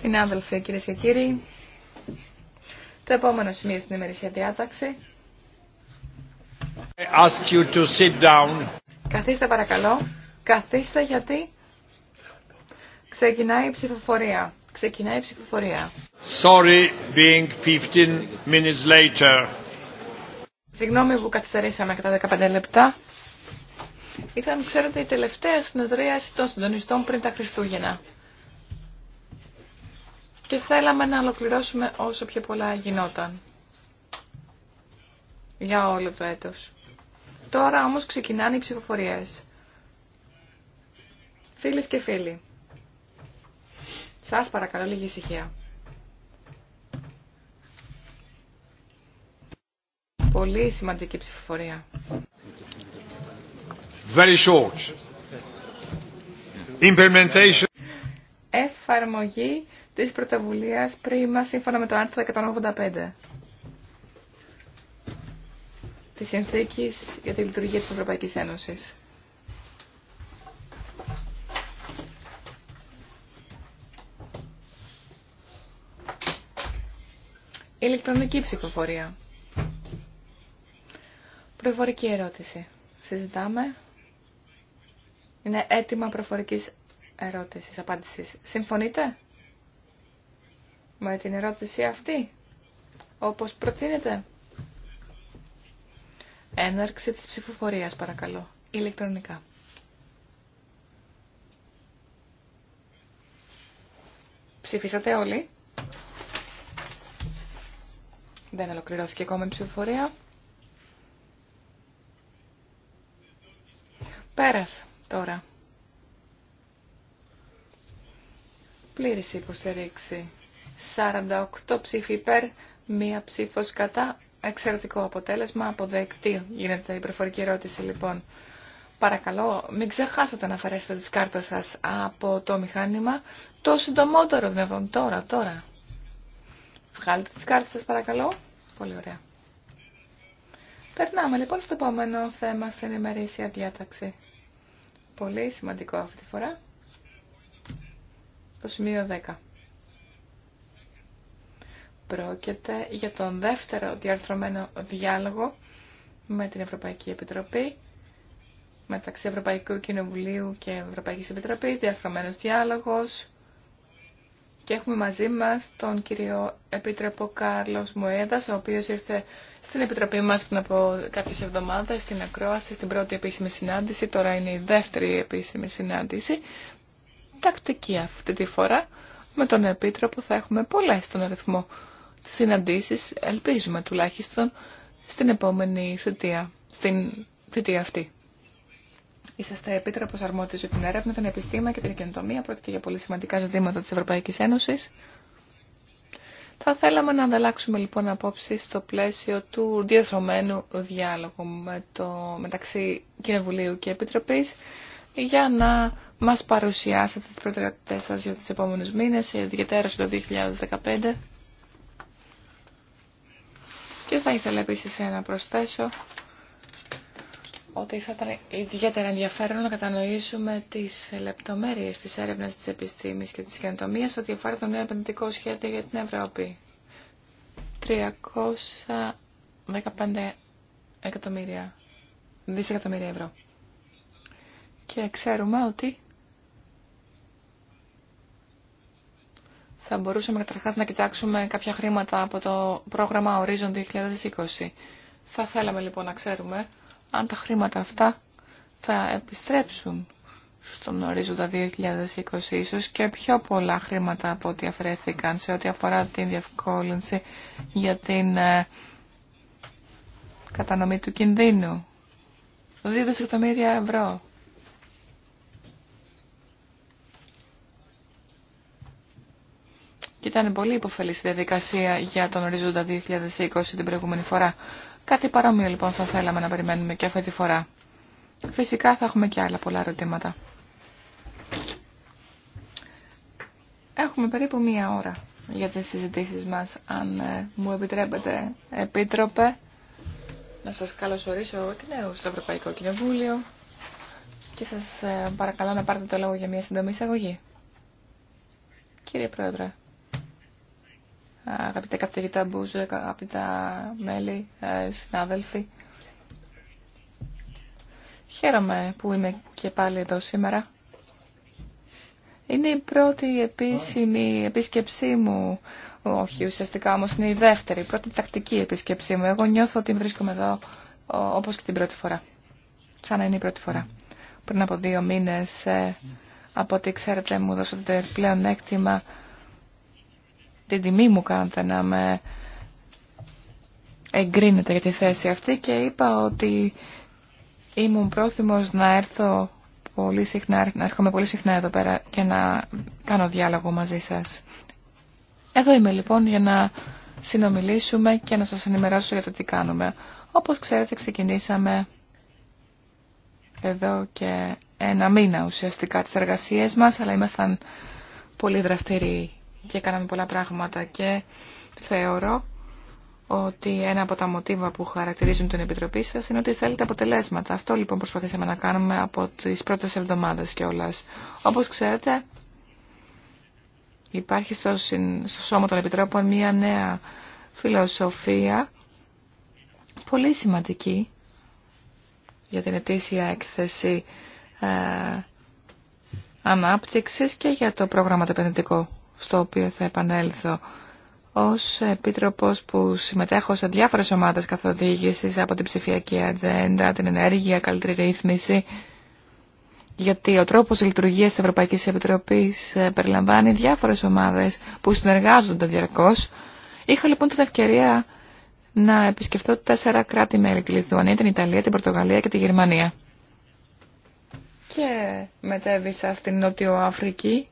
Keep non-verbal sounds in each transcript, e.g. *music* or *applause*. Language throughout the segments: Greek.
Συνάδελφοι, κυρίε και κύριοι, το επόμενο σημείο στην ημερησία διάταξη. Καθίστε παρακαλώ. Καθίστε γιατί ξεκινάει η ψηφοφορία. Ξεκινάει η ψηφοφορία. Sorry being 15 minutes later. Συγγνώμη που καθυστερήσαμε κατά 15 λεπτά. Ήταν, ξέρετε, η τελευταία συνεδρίαση των συντονιστών πριν τα Χριστούγεννα. Και θέλαμε να ολοκληρώσουμε όσο πιο πολλά γινόταν. Για όλο το έτος. Τώρα όμως ξεκινάνε οι ψηφοφορίες. Φίλες και φίλοι, σας παρακαλώ λίγη ησυχία. Πολύ σημαντική ψηφοφορία. Very short. Implementation. Εφαρμογή της πρωτοβουλίας πρίμα σύμφωνα με το άρθρο 185 της Συνθήκης για τη Λειτουργία της Ευρωπαϊκής Ένωσης. Ηλεκτρονική ψηφοφορία. Προφορική ερώτηση. Συζητάμε. Είναι έτοιμα προφορικής ερώτησης, απάντησης. Συμφωνείτε με την ερώτηση αυτή, όπως προτείνετε. Έναρξη της ψηφοφορίας, παρακαλώ, ηλεκτρονικά. Ψηφίσατε όλοι. Δεν ολοκληρώθηκε ακόμα η ψηφοφορία. Πέρασε. Τώρα. Πλήρης υποστηρίξη. 48 ψήφοι υπέρ, μία ψήφος κατά. Εξαιρετικό αποτέλεσμα, αποδεκτή γίνεται η προφορική ερώτηση λοιπόν. Παρακαλώ, μην ξεχάσετε να αφαιρέσετε τις κάρτες σας από το μηχάνημα το συντομότερο δυνατόν τώρα, τώρα. Βγάλετε τις κάρτες σας παρακαλώ. Πολύ ωραία. Περνάμε λοιπόν στο επόμενο θέμα στην ημερήσια διάταξη. Πολύ σημαντικό αυτή τη φορά. Το σημείο 10. Πρόκειται για τον δεύτερο διαρθρωμένο διάλογο με την Ευρωπαϊκή Επιτροπή μεταξύ Ευρωπαϊκού Κοινοβουλίου και Ευρωπαϊκής Επιτροπής, διαρθρωμένος διάλογος και έχουμε μαζί μας τον κύριο Επίτροπο Κάρλος Μοέδας, ο οποίος ήρθε στην Επιτροπή μας πριν από κάποιες εβδομάδες, στην Ακρόαση, στην πρώτη επίσημη συνάντηση. Τώρα είναι η δεύτερη επίσημη συνάντηση. Τακτική αυτή τη φορά. Με τον Επίτροπο θα έχουμε πολλές στον αριθμό συναντήσεις, ελπίζουμε τουλάχιστον, στην επόμενη θητεία, στην θητεία αυτή. Είσαστε επίτροπος αρμόδιος για την έρευνα, την επιστήμη και την καινοτομία. Πρόκειται για πολύ σημαντικά ζητήματα τη Ευρωπαϊκή Ένωση. Θα θέλαμε να ανταλλάξουμε λοιπόν απόψεις στο πλαίσιο του διαδρομένου διάλογου με το, μεταξύ Κοινοβουλίου και Επίτροπή για να μα παρουσιάσετε τι προτεραιότητέ σα για του επόμενου μήνε, ιδιαίτερα το 2015. Και θα ήθελα επίση να προσθέσω ότι θα ήταν ιδιαίτερα ενδιαφέρον να κατανοήσουμε τι λεπτομέρειε τη έρευνα τη επιστήμης και τη καινοτομία ότι αφορά το νέο επενδυτικό σχέδιο για την Ευρώπη. 315 εκατομμύρια, δισεκατομμύρια ευρώ. Και ξέρουμε ότι θα μπορούσαμε καταρχάς να κοιτάξουμε κάποια χρήματα από το πρόγραμμα Horizon 2020. Θα θέλαμε λοιπόν να ξέρουμε αν τα χρήματα αυτά θα επιστρέψουν στον ορίζοντα 2020 ίσως και πιο πολλά χρήματα από ό,τι αφαιρέθηκαν σε ό,τι αφορά την διευκόλυνση για την ε, κατανομή του κινδύνου. 2 δισεκατομμύρια ευρώ. Και ήταν πολύ υποφελής η διαδικασία για τον ορίζοντα 2020 την προηγούμενη φορά. Κάτι παρόμοιο λοιπόν θα θέλαμε να περιμένουμε και αυτή τη φορά. Φυσικά θα έχουμε και άλλα πολλά ερωτήματα. Έχουμε περίπου μία ώρα για τις συζητήσεις μας. Αν ε, μου επιτρέπετε, Επίτροπε, να σας καλωσορίσω εκ νέου στο Ευρωπαϊκό Κοινοβούλιο και σας ε, παρακαλώ να πάρετε το λόγο για μία σύντομη εισαγωγή. Κύριε Πρόεδρε αγαπητέ καθηγητά Μπούζε, αγαπητά μέλη, ε, συνάδελφοι. Χαίρομαι που είμαι και πάλι εδώ σήμερα. Είναι η πρώτη επίσημη επίσκεψή μου, όχι ουσιαστικά όμως είναι η δεύτερη, η πρώτη τακτική επίσκεψή μου. Εγώ νιώθω ότι βρίσκομαι εδώ όπως και την πρώτη φορά. Σαν να είναι η πρώτη φορά. Πριν από δύο μήνες, ε, από ό,τι ξέρετε, μου δώσατε πλέον έκτημα την τιμή μου κάνατε να με εγκρίνετε για τη θέση αυτή και είπα ότι ήμουν πρόθυμος να έρθω πολύ συχνά, να έρχομαι πολύ συχνά εδώ πέρα και να κάνω διάλογο μαζί σας. Εδώ είμαι λοιπόν για να συνομιλήσουμε και να σας ενημερώσω για το τι κάνουμε. Όπως ξέρετε ξεκινήσαμε εδώ και ένα μήνα ουσιαστικά τις εργασίες μας, αλλά ήμασταν πολύ δραστηροί και κάναμε πολλά πράγματα και θεωρώ ότι ένα από τα μοτίβα που χαρακτηρίζουν την Επιτροπή σα είναι ότι θέλετε αποτελέσματα. Αυτό λοιπόν προσπαθήσαμε να κάνουμε από τις πρώτες εβδομάδες κιόλα. Όπως ξέρετε, υπάρχει στο, Σώμα των Επιτρόπων μια νέα φιλοσοφία πολύ σημαντική για την ετήσια έκθεση ε, ανάπτυξης και για το πρόγραμμα το επενδυτικό στο οποίο θα επανέλθω. Ως επίτροπος που συμμετέχω σε διάφορες ομάδες καθοδήγησης από την ψηφιακή ατζέντα, την ενέργεια, καλύτερη ρύθμιση, γιατί ο τρόπος λειτουργίας της Ευρωπαϊκής Επιτροπής ε, περιλαμβάνει διάφορες ομάδες που συνεργάζονται διαρκώς. Είχα λοιπόν την ευκαιρία να επισκεφτώ τέσσερα κράτη-μέλη, τη Λιθουανία, την Ιταλία, την Πορτογαλία και τη Γερμανία. Και μετέβησα στην Νότιο Αφρική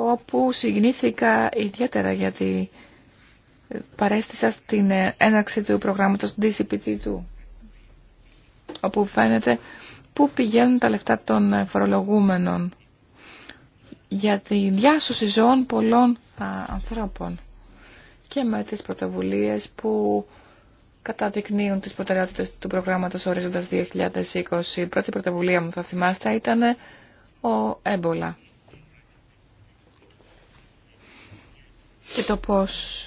όπου συγκινήθηκα ιδιαίτερα γιατί παρέστησα στην έναρξη του προγράμματος DCPT2 όπου φαίνεται πού πηγαίνουν τα λεφτά των φορολογούμενων για τη διάσωση ζώων πολλών ανθρώπων και με τις πρωτοβουλίες που καταδεικνύουν τις προτεραιότητες του προγράμματος Ορίζοντας 2020. Η πρώτη πρωτοβουλία μου, θα θυμάστε, ήταν ο έμπολα. και το πώς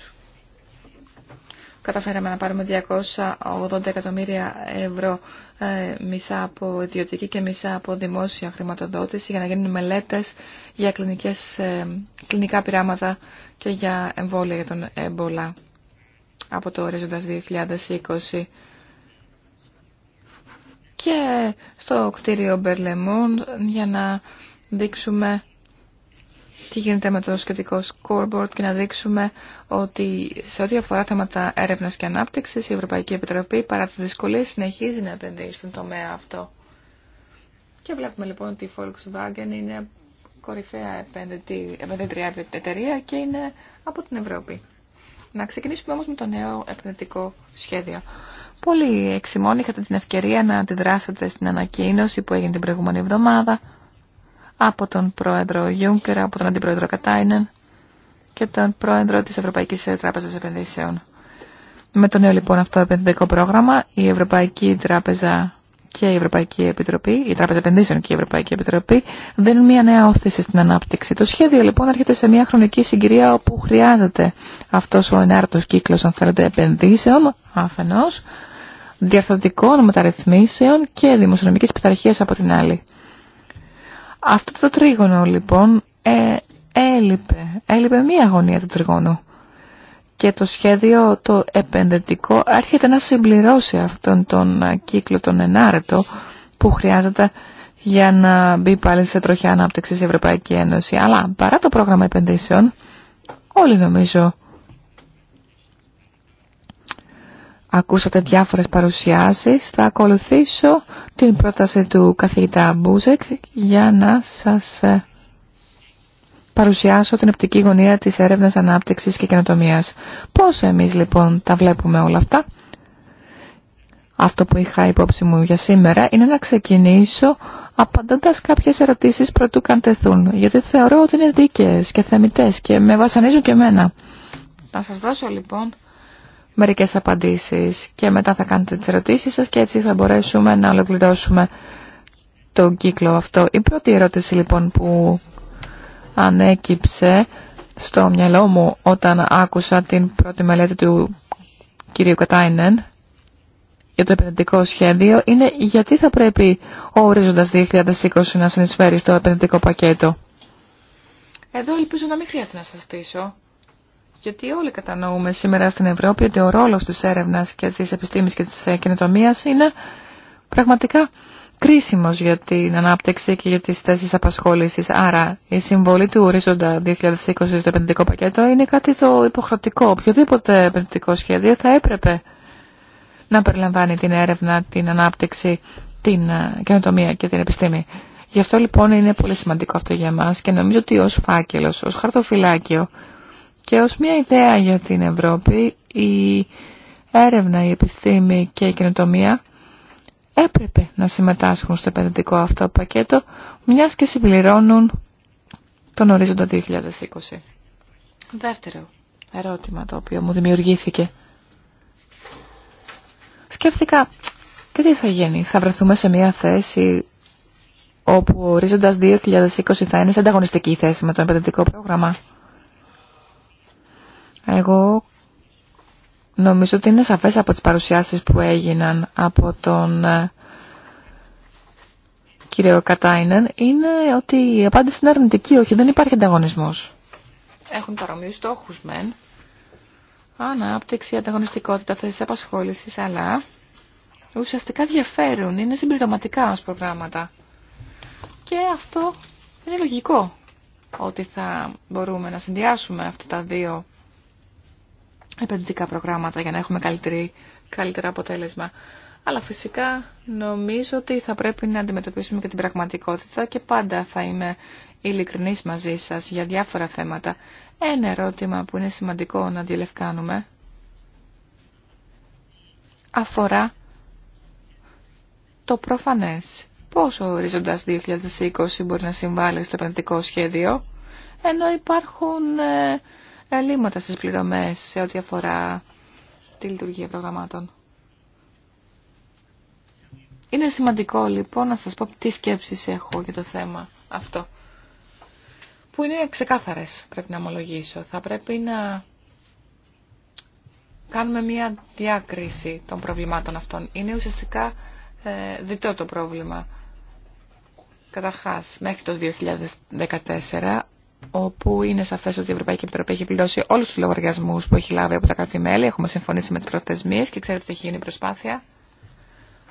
καταφέραμε να πάρουμε 280 εκατομμύρια ευρώ ε, μισά από ιδιωτική και μισά από δημόσια χρηματοδότηση για να γίνουν μελέτες για κλινικές, ε, κλινικά πειράματα και για εμβόλια για τον έμπολα από το ορίζοντας 2020. Και στο κτίριο Μπερλεμούν για να δείξουμε τι γίνεται με το σχετικό scoreboard και να δείξουμε ότι σε ό,τι αφορά θέματα έρευνας και ανάπτυξης η Ευρωπαϊκή Επιτροπή παρά τις δυσκολίες συνεχίζει να επενδύει στον τομέα αυτό. Και βλέπουμε λοιπόν ότι η Volkswagen είναι κορυφαία επενδυτρία εταιρεία και είναι από την Ευρώπη. Να ξεκινήσουμε όμως με το νέο επενδυτικό σχέδιο. Πολύ εξημών είχατε την ευκαιρία να αντιδράσετε στην ανακοίνωση που έγινε την προηγούμενη εβδομάδα από τον πρόεδρο Juncker, από τον αντιπρόεδρο Κατάινεν και τον πρόεδρο της Ευρωπαϊκής Τράπεζας Επενδύσεων. Με το νέο λοιπόν αυτό επενδυτικό πρόγραμμα, η Ευρωπαϊκή Τράπεζα και η Ευρωπαϊκή Επιτροπή, η Τράπεζα Επενδύσεων και η Ευρωπαϊκή Επιτροπή δίνουν μια νέα όθηση στην ανάπτυξη. Το σχέδιο λοιπόν έρχεται σε μια χρονική συγκυρία όπου χρειάζεται αυτό ο ενάρτος κύκλο αν θέλετε επενδύσεων αφενό, διαρθρωτικών μεταρρυθμίσεων και δημοσιονομική πειθαρχία από την άλλη. Αυτό το τρίγωνο λοιπόν ε, έλειπε. Έλειπε μία γωνία του τριγώνου. Και το σχέδιο το επενδυτικό έρχεται να συμπληρώσει αυτόν τον ε, κύκλο τον ενάρετο που χρειάζεται για να μπει πάλι σε τροχιά ανάπτυξη η Ευρωπαϊκή Ένωση. Αλλά παρά το πρόγραμμα επενδύσεων, όλοι νομίζω Ακούσατε διάφορες παρουσιάσεις. Θα ακολουθήσω την πρόταση του καθηγητά Μπούζεκ για να σας ε, παρουσιάσω την οπτική γωνία της έρευνας ανάπτυξης και καινοτομίας. Πώς εμείς λοιπόν τα βλέπουμε όλα αυτά. Αυτό που είχα υπόψη μου για σήμερα είναι να ξεκινήσω απαντώντας κάποιες ερωτήσεις πρωτού καντεθούν, γιατί θεωρώ ότι είναι δίκαιες και θεμητές και με βασανίζουν και εμένα. Να σας δώσω λοιπόν μερικές απαντήσεις και μετά θα κάνετε τις ερωτήσεις σας και έτσι θα μπορέσουμε να ολοκληρώσουμε τον κύκλο αυτό. Η πρώτη ερώτηση λοιπόν που ανέκυψε στο μυαλό μου όταν άκουσα την πρώτη μελέτη του κυρίου Κατάινεν για το επενδυτικό σχέδιο είναι γιατί θα πρέπει ο ορίζοντας 2020 να συνεισφέρει στο επενδυτικό πακέτο. Εδώ ελπίζω να μην χρειάζεται να σας πείσω. Γιατί όλοι κατανοούμε σήμερα στην Ευρώπη ότι ο ρόλο της έρευνας και της επιστήμης και της ε, καινοτομίας είναι πραγματικά κρίσιμος για την ανάπτυξη και για τις θέσεις απασχόλησης. Άρα η συμβολή του ορίζοντα 2020 στο επενδυτικό πακέτο είναι κάτι το υποχρεωτικό. Οποιοδήποτε επενδυτικό σχέδιο θα έπρεπε να περιλαμβάνει την έρευνα, την ανάπτυξη, την ε, καινοτομία και την επιστήμη. Γι' αυτό λοιπόν είναι πολύ σημαντικό αυτό για εμάς και νομίζω ότι ως φάκελος, ως χαρτοφυλάκιο και ως μια ιδέα για την Ευρώπη, η έρευνα, η επιστήμη και η κοινοτομία έπρεπε να συμμετάσχουν στο επενδυτικό αυτό πακέτο, μιας και συμπληρώνουν τον ορίζοντα 2020. Δεύτερο ερώτημα το οποίο μου δημιουργήθηκε. Σκέφτηκα, και τι θα γίνει, θα βρεθούμε σε μια θέση όπου ο ορίζοντας 2020 θα είναι σε ανταγωνιστική θέση με το επενδυτικό πρόγραμμα. Εγώ νομίζω ότι είναι σαφές από τις παρουσιάσεις που έγιναν από τον ε, κύριο Κατάινεν είναι ότι η απάντηση είναι αρνητική, όχι, δεν υπάρχει ανταγωνισμός. Έχουν παρομοιούς στόχους μεν. Ανάπτυξη, ανταγωνιστικότητα, θέσεις απασχόλησης, αλλά ουσιαστικά διαφέρουν, είναι συμπληρωματικά ως προγράμματα. Και αυτό είναι λογικό ότι θα μπορούμε να συνδυάσουμε αυτά τα δύο επενδυτικά προγράμματα για να έχουμε καλύτερη, καλύτερα αποτέλεσμα. Αλλά φυσικά νομίζω ότι θα πρέπει να αντιμετωπίσουμε και την πραγματικότητα και πάντα θα είμαι ειλικρινής μαζί σας για διάφορα θέματα. Ένα ερώτημα που είναι σημαντικό να διελευκάνουμε αφορά το προφανές. Πώς ο ορίζοντας 2020 μπορεί να συμβάλλει στο επενδυτικό σχέδιο, ενώ υπάρχουν ε, ελλείμματα στις πληρωμές σε ό,τι αφορά τη λειτουργία προγραμμάτων. Είναι σημαντικό λοιπόν να σας πω τι σκέψεις έχω για το θέμα αυτό. Που είναι ξεκάθαρες πρέπει να ομολογήσω. Θα πρέπει να κάνουμε μια διάκριση των προβλημάτων αυτών. Είναι ουσιαστικά ε, διτό το πρόβλημα. Καταρχάς, μέχρι το 2014 όπου είναι σαφέ ότι η Ευρωπαϊκή Επιτροπή έχει πληρώσει όλου του λογαριασμού που έχει λάβει από τα κράτη-μέλη. Έχουμε συμφωνήσει με τι προθεσμίε και ξέρετε ότι έχει γίνει προσπάθεια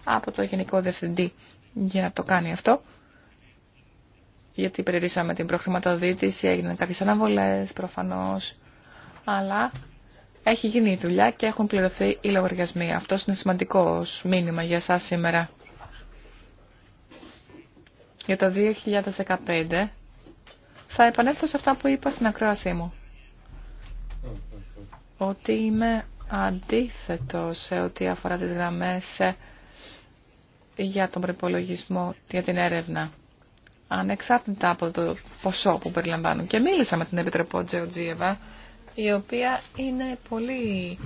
από το Γενικό Διευθυντή για να το κάνει αυτό. Γιατί περιορίσαμε την προχρηματοδίτηση, έγιναν κάποιε αναβολέ, προφανώ, αλλά έχει γίνει η δουλειά και έχουν πληρωθεί οι λογαριασμοί. Αυτό είναι σημαντικό μήνυμα για εσά σήμερα. Για το 2015 θα επανέλθω σε αυτά που είπα στην ακρόασή μου. Ότι είμαι αντίθετο σε ό,τι αφορά τις γραμμές για τον προπολογισμό για την έρευνα. Ανεξάρτητα από το ποσό που περιλαμβάνουν. Και μίλησα με την Επιτροπό Τζεοτζίεβα, η οποία είναι πολύ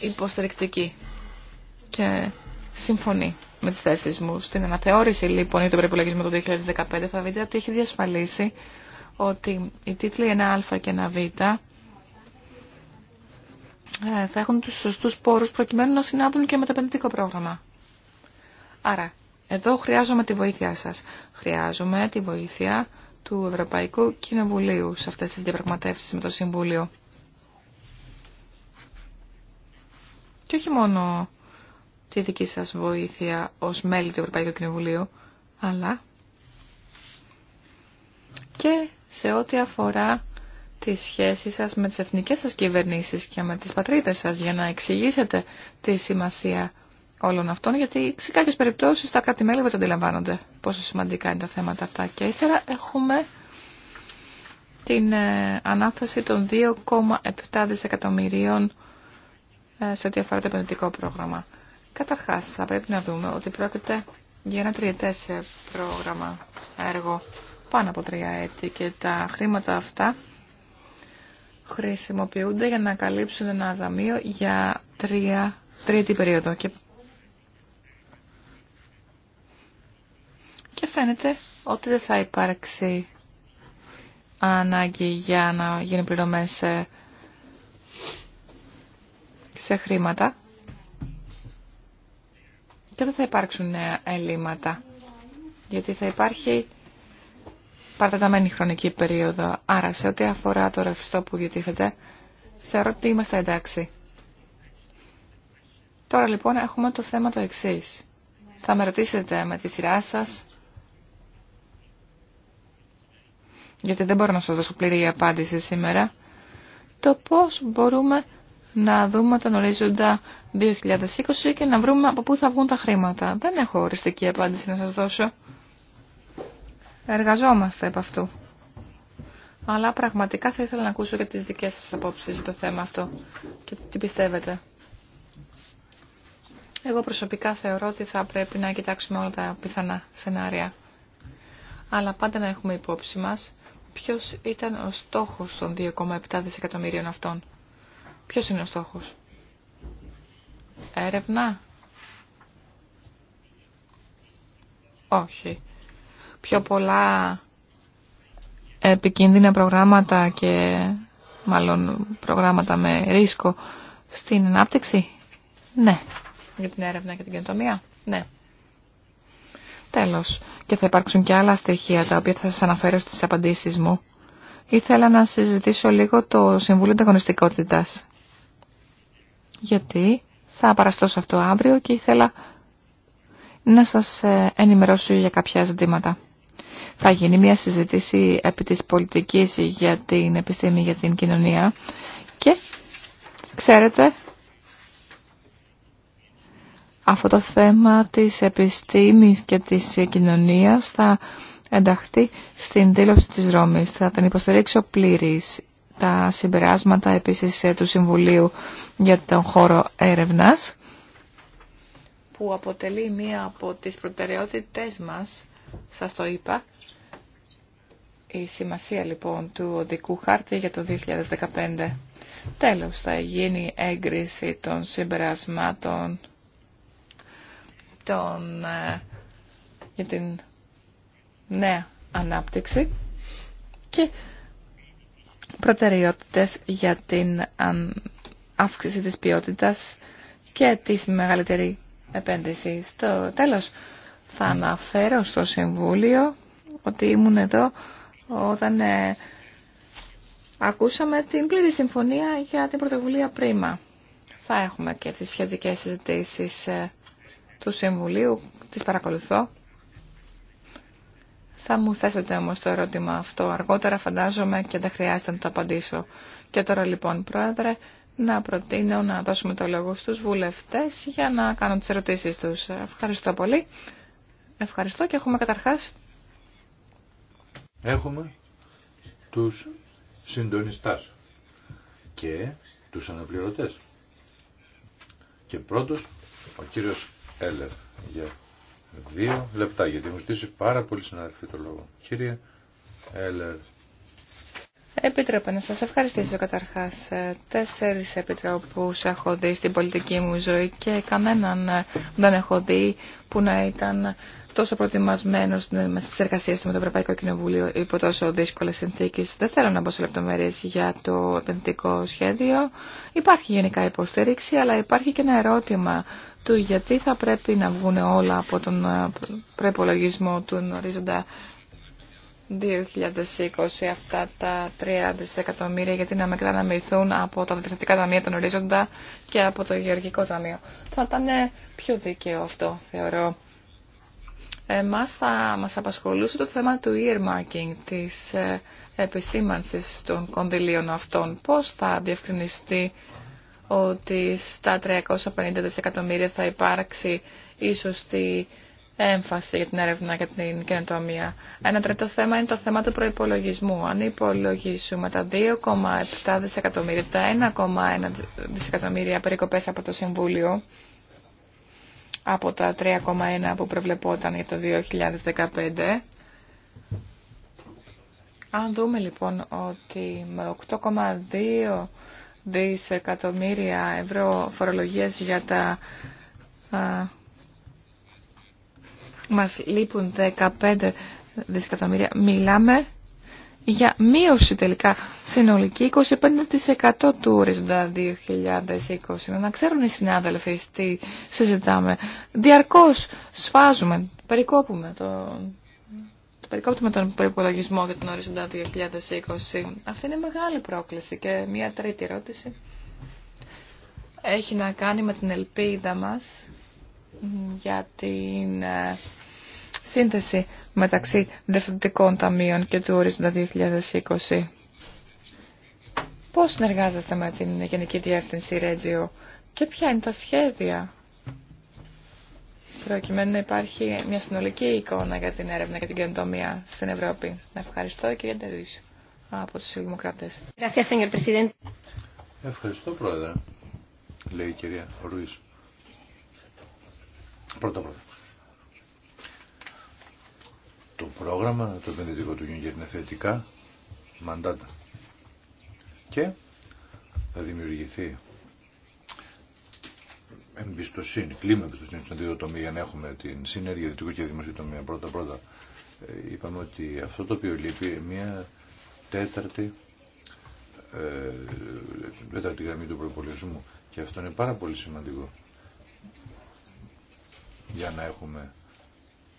υποστηρικτική και συμφωνεί με τις θέσεις μου. Στην αναθεώρηση λοιπόν για τον προπολογισμό του 2015 θα δείτε ότι έχει διασφαλίσει ότι οι τίτλοι 1α και 1β ε, θα έχουν τους σωστούς πόρους προκειμένου να συνάδουν και με το επενδυτικό πρόγραμμα. Άρα, εδώ χρειάζομαι τη βοήθειά σας. Χρειάζομαι τη βοήθεια του Ευρωπαϊκού Κοινοβουλίου σε αυτές τις διαπραγματεύσεις με το Συμβούλιο. Και όχι μόνο τη δική σας βοήθεια ως μέλη του Ευρωπαϊκού Κοινοβουλίου, αλλά και σε ό,τι αφορά τη σχέση σας με τις εθνικές σας κυβερνήσεις και με τις πατρίδες σας για να εξηγήσετε τη σημασία όλων αυτών, γιατί σε κάποιες περιπτώσεις τα κράτη-μέλη δεν το αντιλαμβάνονται πόσο σημαντικά είναι τα θέματα αυτά. Και ύστερα έχουμε την ε, ανάθεση των 2,7 δισεκατομμυρίων ε, σε ό,τι αφορά το επενδυτικό πρόγραμμα. Καταρχάς, θα πρέπει να δούμε ότι πρόκειται για ένα τριετές ε, πρόγραμμα έργο πάνω από τρία έτη και τα χρήματα αυτά χρησιμοποιούνται για να καλύψουν ένα δαμείο για τρία, τρίτη περίοδο. Και, και φαίνεται ότι δεν θα υπάρξει ανάγκη για να γίνει πληρωμές σε, σε χρήματα και δεν θα υπάρξουν ελλείμματα γιατί θα υπάρχει παρατεταμένη χρονική περίοδο. Άρα σε ό,τι αφορά το ρευστό που διατίθεται, θεωρώ ότι είμαστε εντάξει. Τώρα λοιπόν έχουμε το θέμα το εξή. Θα με ρωτήσετε με τη σειρά σας, γιατί δεν μπορώ να σας δώσω πλήρη απάντηση σήμερα, το πώς μπορούμε να δούμε τον ορίζοντα 2020 και να βρούμε από πού θα βγουν τα χρήματα. Δεν έχω οριστική απάντηση να σας δώσω. Εργαζόμαστε επ' αυτού. Αλλά πραγματικά θα ήθελα να ακούσω και τις δικές σας απόψεις για το θέμα αυτό και τι πιστεύετε. Εγώ προσωπικά θεωρώ ότι θα πρέπει να κοιτάξουμε όλα τα πιθανά σενάρια. Αλλά πάντα να έχουμε υπόψη μας ποιος ήταν ο στόχος των 2,7 δισεκατομμύριων αυτών. Ποιος είναι ο στόχος. Έρευνα. Όχι πιο πολλά επικίνδυνα προγράμματα και μάλλον προγράμματα με ρίσκο στην ανάπτυξη. Ναι. Για την έρευνα και την καινοτομία. Ναι. Τέλος. Και θα υπάρξουν και άλλα στοιχεία τα οποία θα σας αναφέρω στις απαντήσεις μου. Ήθελα να συζητήσω λίγο το Συμβούλιο Ανταγωνιστικότητας. Γιατί θα παραστώ σε αυτό αύριο και ήθελα να σας ε, ενημερώσω για κάποια ζητήματα θα γίνει μια συζήτηση επί της πολιτικής για την επιστήμη, για την κοινωνία και ξέρετε αυτό το θέμα της επιστήμης και της κοινωνίας θα ενταχθεί στην δήλωση της Ρώμης. Θα την υποστηρίξω πλήρης τα συμπεράσματα επίσης ε, του Συμβουλίου για τον χώρο έρευνας που αποτελεί μία από τις προτεραιότητές μας, σας το είπα, η σημασία λοιπόν του οδικού χάρτη για το 2015. Τέλος, θα γίνει έγκριση των συμπερασμάτων των, ε, για την νέα ανάπτυξη και προτεραιότητες για την αύξηση της ποιότητας και τη μεγαλύτερη επένδυση. Στο τέλος θα αναφέρω στο Συμβούλιο ότι ήμουν εδώ όταν ε, ακούσαμε την πλήρη συμφωνία για την πρωτοβουλία πρίμα. Θα έχουμε και τις σχετικές συζητήσεις ε, του Συμβουλίου, τις παρακολουθώ. Θα μου θέσετε όμως το ερώτημα αυτό αργότερα, φαντάζομαι, και δεν χρειάζεται να το απαντήσω. Και τώρα λοιπόν, Πρόεδρε, να προτείνω να δώσουμε το λόγο στους βουλευτές για να κάνουν τις ερωτήσεις τους. Ευχαριστώ πολύ. Ευχαριστώ και έχουμε καταρχάς έχουμε τους συντονιστάς και τους αναπληρωτές. Και πρώτος ο κύριος Έλερ για δύο λεπτά, γιατί μου στήσει πάρα πολύ συνάδελφοι το λόγο. Κύριε Έλερ. Επίτροπε, να σας ευχαριστήσω καταρχάς. Ε, τέσσερις επιτρόπους έχω δει στην πολιτική μου ζωή και κανέναν ε, δεν έχω δει που να ήταν τόσο προετοιμασμένο στι εργασίε του με το Ευρωπαϊκό Κοινοβούλιο υπό τόσο δύσκολε συνθήκε. Δεν θέλω να μπω σε λεπτομέρειε για το επενδυτικό σχέδιο. Υπάρχει γενικά υποστήριξη, αλλά υπάρχει και ένα ερώτημα του γιατί θα πρέπει να βγουν όλα από τον ε, προπολογισμό του ορίζοντα 2020 αυτά τα 3 δισεκατομμύρια γιατί να μεταναμηθούν από τα διευθυντικά ταμεία των ορίζοντα και από το γεωργικό ταμείο. Θα ήταν πιο δίκαιο αυτό, θεωρώ εμάς θα μας απασχολούσε το θέμα του earmarking, της ε, επισήμανσης των κονδυλίων αυτών. Πώς θα διευκρινιστεί ότι στα 350 δισεκατομμύρια θα υπάρξει ίσως τη έμφαση για την έρευνα και την καινοτομία. Ένα τρίτο θέμα είναι το θέμα του προϋπολογισμού. Αν υπολογίσουμε τα 2,7 δισεκατομμύρια, τα 1,1 δισεκατομμύρια περικοπές από το Συμβούλιο, από τα 3,1 που προβλεπόταν για το 2015. Αν δούμε λοιπόν ότι με 8,2 δισεκατομμύρια ευρώ φορολογίες για τα... Α, μας λείπουν 15 δισεκατομμύρια. Μιλάμε για μείωση τελικά συνολική 25% του ορίζοντα 2020. Να ξέρουν οι συνάδελφοι τι συζητάμε. Διαρκώς σφάζουμε, περικόπουμε Το περικόπτουμε τον προϋπολογισμό για τον ορίζοντα 2020. Αυτή είναι μεγάλη πρόκληση και μια τρίτη ερώτηση. Έχει να κάνει με την ελπίδα μας για την ε, σύνθεση μεταξύ διευθυντικών ταμείων και του ορίζοντα 2020. Πώς συνεργάζεστε με την Γενική Διεύθυνση Ρέτζιο και ποια είναι τα σχέδια προκειμένου να υπάρχει μια συνολική εικόνα για την έρευνα και την καινοτομία στην Ευρώπη. Ευχαριστώ κυρία Ντερούις, από τους Δημοκρατές. Ευχαριστώ πρόεδρε, λέει η κυρία Ρούις. Πρώτα πρώτα το πρόγραμμα, το επενδυτικό του Γιούγκερ είναι θετικά μαντάτα. Και θα δημιουργηθεί εμπιστοσύνη, κλίμα εμπιστοσύνη στον δύο τομέα για να έχουμε την συνέργεια δυτικού και δημοσίου τομέα. Πρώτα-πρώτα ε, είπαμε ότι αυτό το οποίο λείπει μια τέταρτη ε, τέταρτη γραμμή του προπολογισμού και αυτό είναι πάρα πολύ σημαντικό για να έχουμε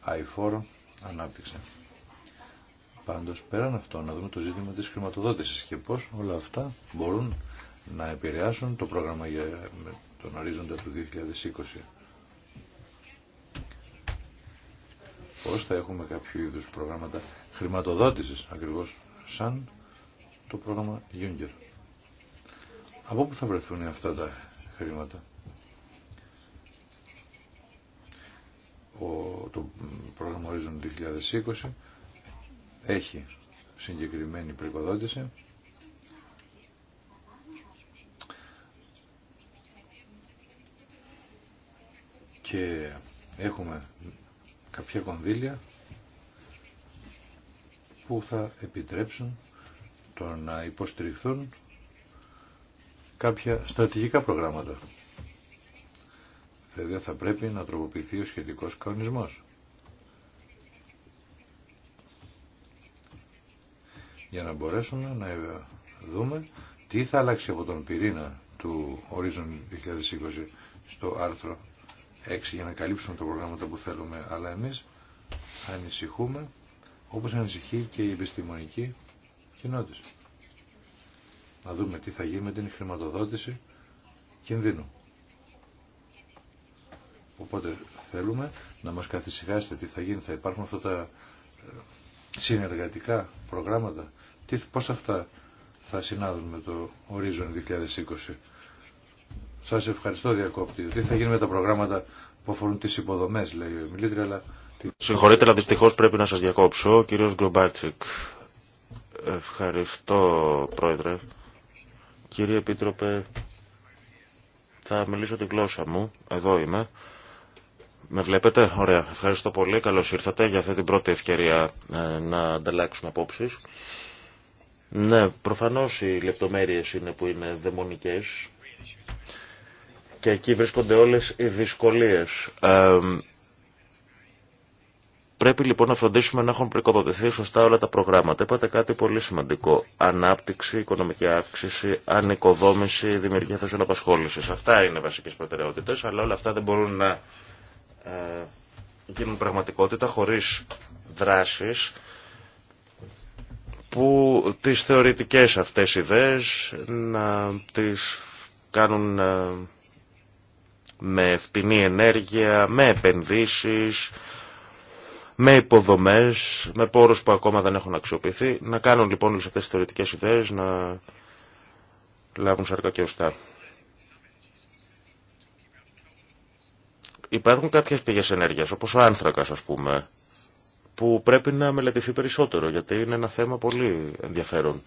αηφόρο ανάπτυξη. Πάντως, πέραν αυτό, να δούμε το ζήτημα της χρηματοδότησης και πώς όλα αυτά μπορούν να επηρεάσουν το πρόγραμμα για τον ορίζοντα του 2020. Πώς θα έχουμε κάποιο είδους προγράμματα χρηματοδότησης, ακριβώς σαν το πρόγραμμα Juncker. Από πού θα βρεθούν αυτά τα χρήματα. το πρόγραμμα Horizon 2020 έχει συγκεκριμένη πρικοδότηση και έχουμε κάποια κονδύλια που θα επιτρέψουν το να υποστηριχθούν κάποια στρατηγικά προγράμματα. Βέβαια θα πρέπει να τροποποιηθεί ο σχετικός κανονισμός. Για να μπορέσουμε να δούμε τι θα αλλάξει από τον πυρήνα του Horizon 2020 στο άρθρο 6 για να καλύψουμε τα προγράμματα που θέλουμε. Αλλά εμείς ανησυχούμε όπως ανησυχεί και η επιστημονική κοινότητα. Να δούμε τι θα γίνει με την χρηματοδότηση κινδύνου. Οπότε θέλουμε να μας καθησυχάσετε τι θα γίνει, θα υπάρχουν αυτά τα ε, συνεργατικά προγράμματα, τι, πώς αυτά θα συνάδουν με το Horizon 2020. Σας ευχαριστώ διακόπτη. Τι θα γίνει με τα προγράμματα που αφορούν τις υποδομές, λέει ο Μιλήτρια, αλλά... Συγχωρείτε, αλλά δυστυχώς πρέπει να σας διακόψω. Ο κύριος Γκρομπάρτσικ. Ευχαριστώ, Πρόεδρε. Κύριε Επίτροπε, θα μιλήσω τη γλώσσα μου. Εδώ είμαι. Με βλέπετε, ωραία. Ευχαριστώ πολύ. Καλώς ήρθατε για αυτή την πρώτη ευκαιρία ε, να ανταλλάξουμε απόψεις. Ναι, προφανώς οι λεπτομέρειες είναι που είναι δαιμονικές και εκεί βρίσκονται όλες οι δυσκολίες. Ε, πρέπει λοιπόν να φροντίσουμε να έχουν πρικοδοτηθεί σωστά όλα τα προγράμματα. Είπατε κάτι πολύ σημαντικό. Ανάπτυξη, οικονομική αύξηση, ανοικοδόμηση, δημιουργία θέσεων απασχόλησης. Αυτά είναι βασικές προτεραιότητες, αλλά όλα αυτά δεν μπορούν να ε, γίνουν πραγματικότητα χωρίς δράσεις που τις θεωρητικές αυτές ιδέες να τις κάνουν ε, με φτηνή ενέργεια, με επενδύσεις, με υποδομές, με πόρους που ακόμα δεν έχουν αξιοποιηθεί. Να κάνουν λοιπόν όλες αυτές τις θεωρητικές ιδέες να λάβουν σαρκα και Υπάρχουν κάποιες πηγές ενέργειας, όπως ο άνθρακας ας πούμε, που πρέπει να μελετηθεί περισσότερο, γιατί είναι ένα θέμα πολύ ενδιαφέρον.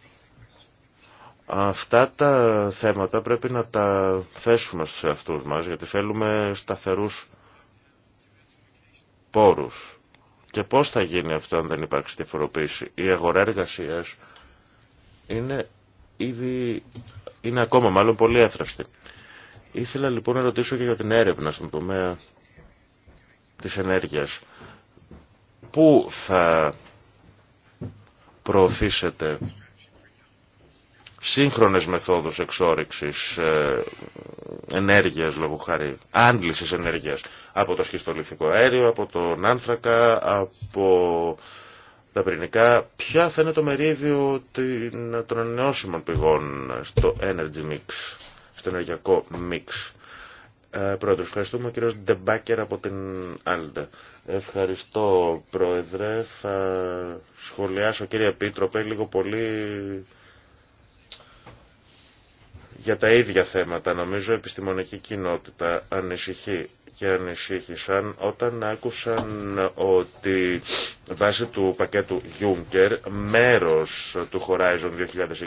Αυτά τα θέματα πρέπει να τα θέσουμε στους εαυτούς μας, γιατί θέλουμε σταθερούς πόρους. Και πώς θα γίνει αυτό αν δεν υπάρξει διαφοροποίηση. Η αγορά εργασία είναι ήδη, είναι ακόμα μάλλον πολύ εφραστή. Ήθελα λοιπόν να ρωτήσω και για την έρευνα στον τομέα της ενέργειας. Πού θα προωθήσετε σύγχρονες μεθόδους εξόρυξης ε, ενέργειας λόγω χάρη, άντλησης ενέργειας από το σχιστολιθικό αέριο, από τον άνθρακα, από τα πυρηνικά, ποια θα είναι το μερίδιο των ανανεώσιμων πηγών στο energy mix, στο ενεργειακό mix. Ε, πρόεδρε, ευχαριστούμε ο κύριος Ντεμπάκερ από την Άλντα. Ευχαριστώ Πρόεδρε. Θα σχολιάσω κύριε Επίτροπε λίγο πολύ για τα ίδια θέματα. Νομίζω η επιστημονική κοινότητα ανησυχεί και ανησύχησαν όταν άκουσαν ότι βάσει του πακέτου Juncker μέρος του Horizon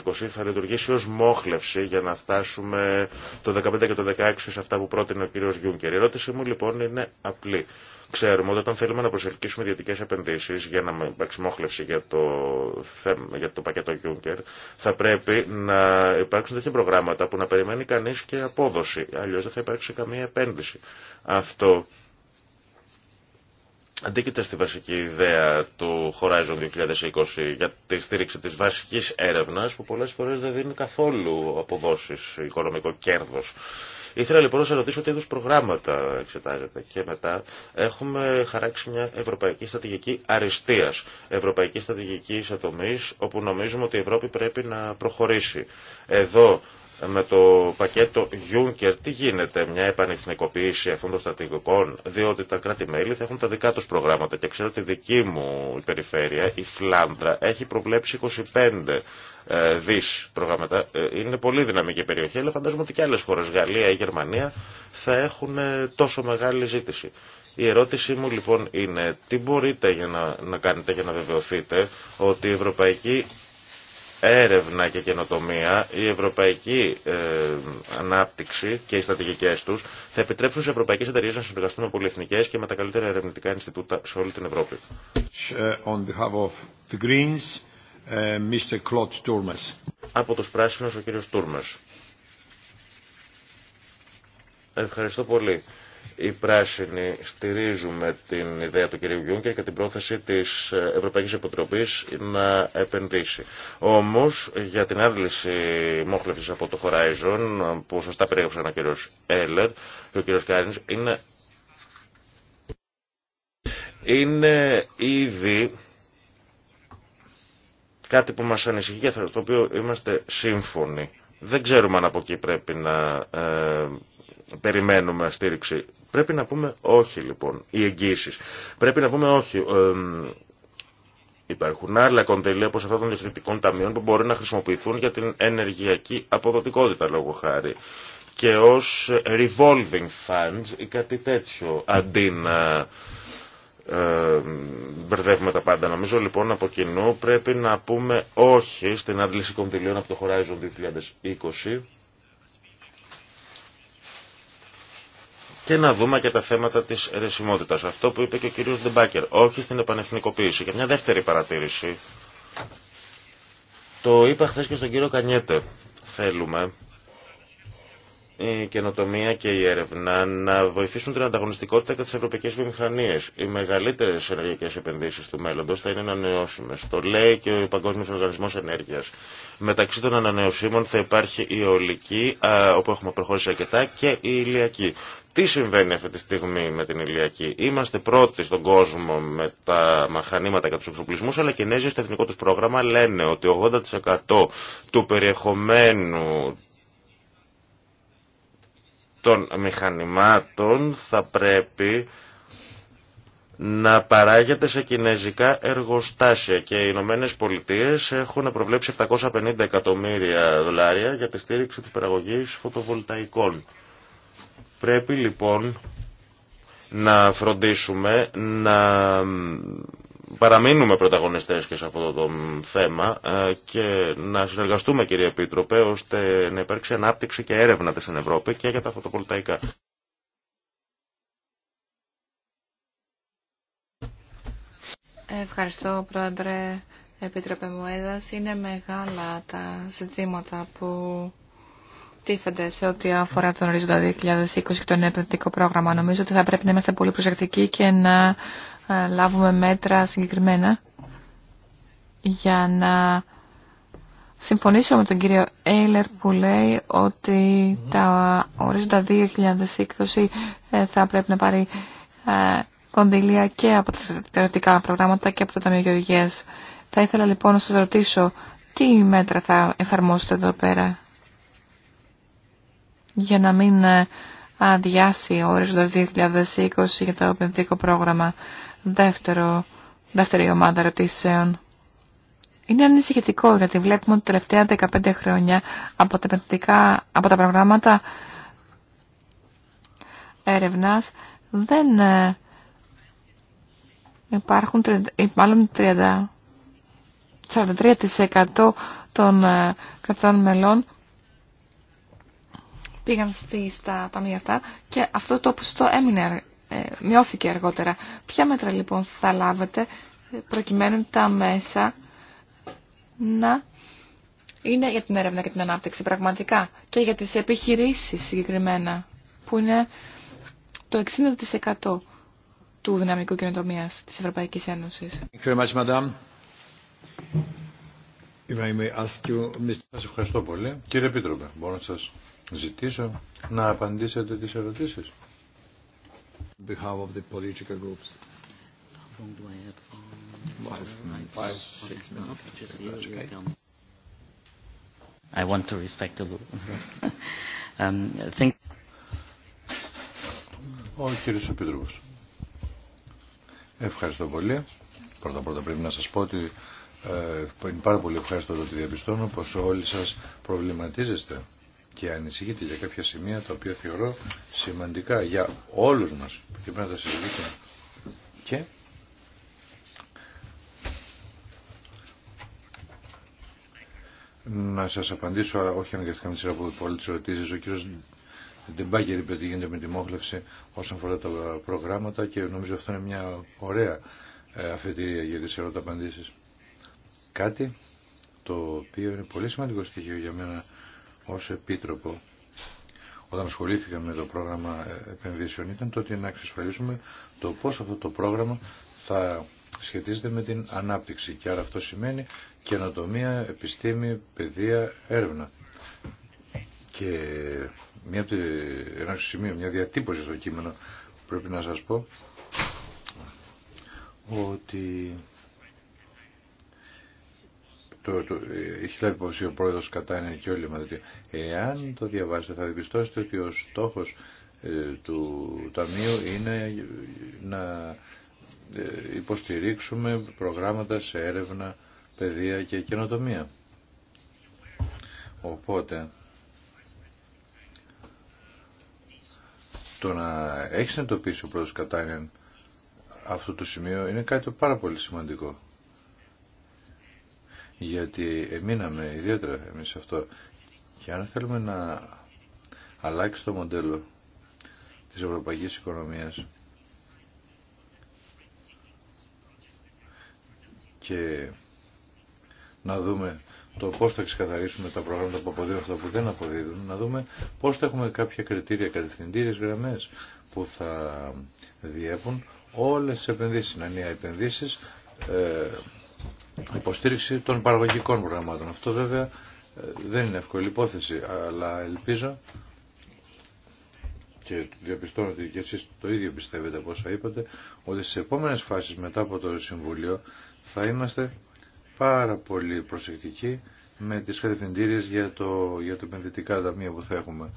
2020 θα λειτουργήσει ως μόχλευση για να φτάσουμε το 2015 και το 2016 σε αυτά που πρότεινε ο κύριος Juncker. Η ερώτηση μου λοιπόν είναι απλή. Ξέρουμε ότι όταν θέλουμε να προσελκύσουμε ιδιωτικέ επενδύσει για να υπάρξει μόχλευση για το, για το πακέτο Juncker, θα πρέπει να υπάρξουν τέτοια προγράμματα που να περιμένει κανεί και απόδοση. Αλλιώ δεν θα υπάρξει καμία επένδυση. Αυτό αντίκειται στη βασική ιδέα του Horizon 2020 για τη στήριξη της βασικής έρευνας που πολλές φορές δεν δίνει καθόλου αποδόσεις οικονομικό κέρδος. Ήθελα λοιπόν να σα ρωτήσω τι είδου προγράμματα εξετάζεται. Και μετά έχουμε χαράξει μια ευρωπαϊκή στρατηγική αριστεία, ευρωπαϊκή στρατηγική ατομή, όπου νομίζουμε ότι η Ευρώπη πρέπει να προχωρήσει. Εδώ με το πακέτο Juncker τι γίνεται, μια επανεθνικοποίηση αυτών των στρατηγικών, διότι τα κράτη-μέλη θα έχουν τα δικά τους προγράμματα και ξέρω ότι η δική μου η περιφέρεια, η Φλάνδρα, έχει προβλέψει 25 ε, δις προγράμματα. Ε, είναι πολύ δυναμική περιοχή, αλλά φαντάζομαι ότι και άλλες χώρες, Γαλλία ή Γερμανία, θα έχουν ε, τόσο μεγάλη ζήτηση. Η ερώτησή μου λοιπόν είναι τι μπορείτε για να, να κάνετε για να βεβαιωθείτε ότι η Ευρωπαϊκή έρευνα και καινοτομία, η ευρωπαϊκή ε, ανάπτυξη και οι στρατηγικέ του θα επιτρέψουν σε ευρωπαϊκέ εταιρείε να συνεργαστούν με πολυεθνικέ και με τα καλύτερα ερευνητικά Ινστιτούτα σε όλη την Ευρώπη. Ε, on behalf of the Greens, ε, Mr. Από του πράσινου ο κύριο Τούρμε. Ευχαριστώ πολύ. Οι πράσινοι στηρίζουμε την ιδέα του κυρίου Γιούγκερ και την πρόθεση της Ευρωπαϊκής Επιτροπής να επενδύσει. Όμως για την άρνηση μόχλευσης από το Horizon που σωστά περιέγραψαν ο κ. Έλλερ και ο κ. Κάριν, είναι, είναι ήδη κάτι που μας ανησυχεί και το οποίο είμαστε σύμφωνοι. Δεν ξέρουμε αν από εκεί πρέπει να ε, περιμένουμε στήριξη Πρέπει να πούμε όχι λοιπόν, οι εγγύσει. Πρέπει να πούμε όχι. Υπάρχουν άλλα κονδυλία όπως αυτά των διευθυντικών ταμείων που μπορεί να χρησιμοποιηθούν για την ενεργειακή αποδοτικότητα λόγω χάρη και ως revolving funds ή κάτι τέτοιο αντί να μπερδεύουμε τα πάντα. Νομίζω λοιπόν από κοινού πρέπει να πούμε όχι στην άντληση κονδυλίων από το Horizon 2020 και να δούμε και τα θέματα της ρεσιμότητας. Αυτό που είπε και ο κύριος Ντεμπάκερ, όχι στην επανεθνικοποίηση. Και μια δεύτερη παρατήρηση, το είπα χθε και στον κύριο Κανιέτε, θέλουμε η καινοτομία και η έρευνα να βοηθήσουν την ανταγωνιστικότητα και τι ευρωπαϊκέ βιομηχανίες. Οι μεγαλύτερες ενεργειακές επενδύσεις του μέλλοντος θα είναι ανανεώσιμες. Το λέει και ο Παγκόσμιος Οργανισμός Ενέργειας. Μεταξύ των ανανεωσίμων θα υπάρχει η αιωλική, όπου έχουμε προχωρήσει αρκετά, και η ηλιακή. Τι συμβαίνει αυτή τη στιγμή με την ηλιακή. Είμαστε πρώτοι στον κόσμο με τα μαχανήματα και του εξοπλισμού, αλλά οι Κινέζοι στο εθνικό του πρόγραμμα λένε ότι 80% του περιεχομένου των μηχανημάτων θα πρέπει να παράγεται σε κινέζικα εργοστάσια και οι Ηνωμένε Πολιτείε έχουν προβλέψει 750 εκατομμύρια δολάρια για τη στήριξη της παραγωγής φωτοβολταϊκών. Πρέπει λοιπόν να φροντίσουμε να παραμείνουμε πρωταγωνιστές και σε αυτό το θέμα ε, και να συνεργαστούμε κύριε Επίτροπε ώστε να υπάρξει ανάπτυξη και έρευνα στην Ευρώπη και για τα φωτοβολταϊκά. Ευχαριστώ Πρόεδρε Επίτροπε Μουέδας. Είναι μεγάλα τα ζητήματα που τίθενται σε ό,τι αφορά τον ορίζοντα 2020 και το επενδυτικό πρόγραμμα. Νομίζω ότι θα πρέπει να είμαστε πολύ προσεκτικοί και να ε, λάβουμε μέτρα συγκεκριμένα για να συμφωνήσω με τον κύριο Έιλερ που λέει ότι τα ορίζοντα 2020 ε, θα πρέπει να πάρει ε, κονδυλία και από τα στρατιωτικά προγράμματα και από το Ταμείο Γεωργίας. Θα ήθελα λοιπόν να σας ρωτήσω τι μέτρα θα εφαρμόσετε εδώ πέρα για να μην ε, αδειάσει ο ορίζοντας 2020 για το επενδυτικό πρόγραμμα. Δεύτερο, δεύτερη ομάδα ερωτήσεων. Είναι ανησυχητικό γιατί βλέπουμε ότι τα τελευταία 15 χρόνια από τα, από τα προγράμματα έρευνας δεν ε, υπάρχουν μάλλον 30, 43% των ε, κρατών μελών πήγαν στη, στα ταμεία αυτά και αυτό το ποσοστό έμεινε, ε, μειώθηκε αργότερα. Ποια μέτρα λοιπόν θα λάβετε ε, προκειμένου τα μέσα να είναι για την έρευνα και την ανάπτυξη πραγματικά και για τις επιχειρήσεις συγκεκριμένα που είναι το 60% του δυναμικού καινοτομία της Ευρωπαϊκής Ένωσης. ευχαριστώ πολύ. Κύριε Επίτροπε, μπορώ να σας ζητήσω να απαντήσετε τις ερωτήσεις. of the political groups. I want to respect the *laughs* um, think... Ο κύριος Επίτροπος. Ευχαριστώ πολύ. Πρώτα πρώτα πρέπει να σας πω ότι ε, είναι πάρα πολύ ευχαριστώ το ότι διαπιστώνω πως όλοι σας προβληματίζεστε και ανησυχείτε για κάποια σημεία τα οποία θεωρώ σημαντικά για όλους μας και πρέπει να τα συζητήσουμε. Και να σας απαντήσω, όχι αν με τη σειρά από πολλές ερωτήσεις, ο κύριος Ντεμπάγκερ είπε ότι γίνεται με τη μόχλευση όσον αφορά τα προγράμματα και νομίζω αυτό είναι μια ωραία ε, αφετηρία για τις ερώτα απαντήσεις. Κάτι το οποίο είναι πολύ σημαντικό στοιχείο για μένα ως επίτροπο όταν ασχολήθηκα με το πρόγραμμα επενδύσεων ήταν το ότι να εξασφαλίσουμε το πώς αυτό το πρόγραμμα θα σχετίζεται με την ανάπτυξη και άρα αυτό σημαίνει καινοτομία, επιστήμη, παιδεία, έρευνα. Και μια, ένα σημείο, μια διατύπωση στο κείμενο πρέπει να σας πω ότι το, το, ε, έχει λάβει υπόψη ο πρόεδρος κατά και όλοι εάν το διαβάζετε θα διαπιστώσετε ότι ο στόχος ε, του Ταμείου είναι να ε, υποστηρίξουμε προγράμματα σε έρευνα, παιδεία και καινοτομία. Οπότε, το να έχει εντοπίσει ο πρόεδρος Κατάνιεν αυτό το σημείο είναι κάτι πάρα πολύ σημαντικό γιατί εμείναμε ιδιαίτερα εμείς αυτό και αν θέλουμε να αλλάξει το μοντέλο της ευρωπαϊκής οικονομίας και να δούμε το πώς θα ξεκαθαρίσουμε τα προγράμματα που αποδίδουν αυτά που δεν αποδίδουν, να δούμε πώς θα έχουμε κάποια κριτήρια, κατευθυντήριες γραμμές που θα διέπουν όλες τις επενδύσεις, να είναι οι επενδύσεις ε, υποστήριξη των παραγωγικών προγραμμάτων. Αυτό βέβαια ε, δεν είναι εύκολη υπόθεση, αλλά ελπίζω και διαπιστώνω ότι και εσείς το ίδιο πιστεύετε από όσα είπατε, ότι στις επόμενες φάσεις μετά από το Συμβουλίο θα είμαστε πάρα πολύ προσεκτικοί με τις κατευθυντήριες για το, για το επενδυτικά ταμείο που θα έχουμε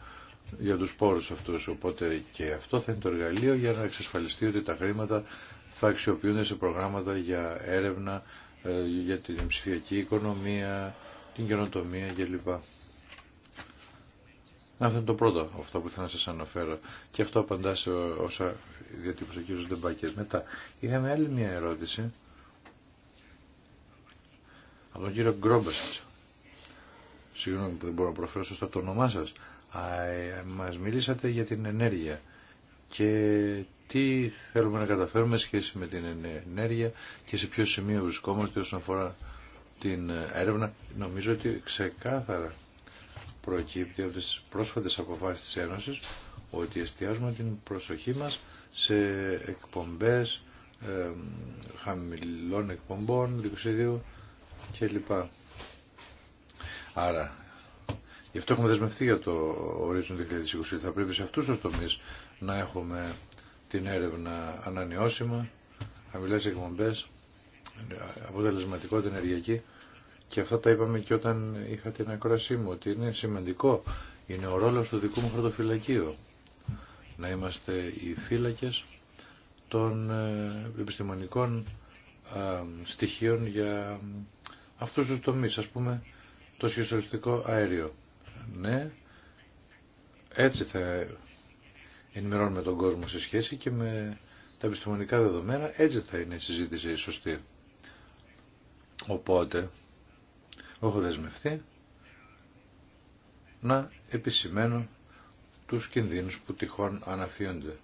για τους πόρους αυτούς. Οπότε και αυτό θα είναι το εργαλείο για να εξασφαλιστεί ότι τα χρήματα θα αξιοποιούνται σε προγράμματα για έρευνα, ε, για την ψηφιακή οικονομία, την καινοτομία κλπ. Αυτό είναι το πρώτο, αυτό που θέλω να σας αναφέρω. Και αυτό απαντά σε όσα διατύπωσε ο κύριος Ντεμπάκης. Μετά, είχαμε άλλη μια ερώτηση από τον κύριο Γκρόμπεσιτς. Συγγνώμη που δεν μπορώ να προφέρω σωστά το όνομά σας. Ε, μας μιλήσατε για την ενέργεια και τι θέλουμε να καταφέρουμε σχέση με την ενέργεια και σε ποιο σημείο βρισκόμαστε όσον αφορά την έρευνα. Νομίζω ότι ξεκάθαρα προκύπτει από τις πρόσφατες αποφάσεις της Ένωσης ότι εστιάζουμε την προσοχή μας σε εκπομπές χαμηλών εκπομπών, διοξιδίου κλπ. Άρα, γι' αυτό έχουμε δεσμευτεί για το ορίζον 2020. Θα πρέπει σε αυτούς τους τομείς να έχουμε την έρευνα ανανεώσιμα, χαμηλές εκπομπές, αποτελεσματικότητα ενεργειακή και αυτά τα είπαμε και όταν είχα την ακρόασή μου ότι είναι σημαντικό, είναι ο ρόλος του δικού μου χρωτοφυλακίου να είμαστε οι φύλακες των ε, επιστημονικών στοιχείων για αυτούς τους τομείς, ας πούμε το σχεσοριστικό αέριο. Ναι, έτσι θα ενημερώνουμε τον κόσμο σε σχέση και με τα επιστημονικά δεδομένα, έτσι θα είναι η συζήτηση σωστή. Οπότε, έχω δεσμευτεί να επισημαίνω τους κινδύνους που τυχόν αναφύονται.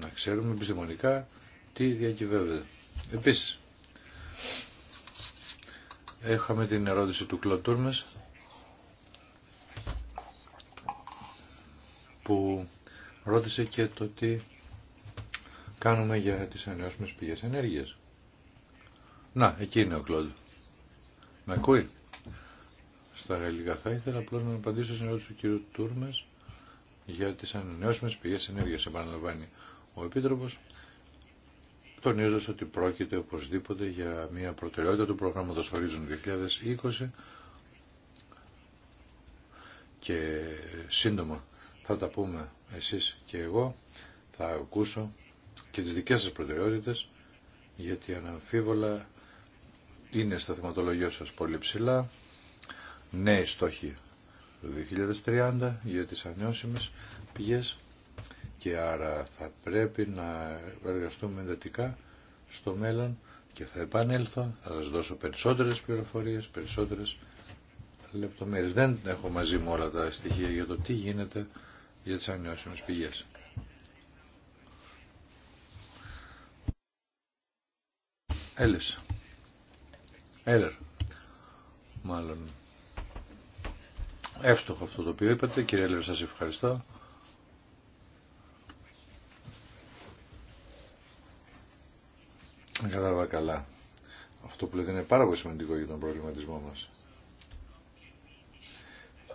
Να ξέρουμε επιστημονικά τι διακυβεύεται. Επίσης, έχαμε την ερώτηση του Κλωτούρμες ρώτησε και το τι κάνουμε για τις ανανεώσιμες πηγές ενέργειας. Να, εκεί είναι ο Κλόντ. Με ακούει. Στα γαλλικά θα ήθελα απλώ να απαντήσω στην ερώτηση του κ. Τούρμες για τις ανανεώσιμες πηγές ενέργειας, επαναλαμβάνει ο Επίτροπος. Τονίζοντα ότι πρόκειται οπωσδήποτε για μια προτεραιότητα του προγράμματος Horizon 2020 και σύντομα θα τα πούμε εσείς και εγώ, θα ακούσω και τις δικές σας προτεραιότητες, γιατί αναμφίβολα είναι στα θεματολογία σας πολύ ψηλά, νέοι στόχοι το 2030 για τις ανιώσιμες πηγές και άρα θα πρέπει να εργαστούμε εντατικά στο μέλλον και θα επανέλθω, θα σας δώσω περισσότερες πληροφορίες, περισσότερες λεπτομέρειες. Δεν έχω μαζί μου όλα τα στοιχεία για το τι γίνεται για τις ανανεώσιμες πηγές. Έλες. Έλερ. Μάλλον. Εύστοχο αυτό το οποίο είπατε. Κύριε Έλερ, σας ευχαριστώ. Κατάλαβα καλά. Αυτό που λέτε είναι πάρα πολύ σημαντικό για τον προβληματισμό μας.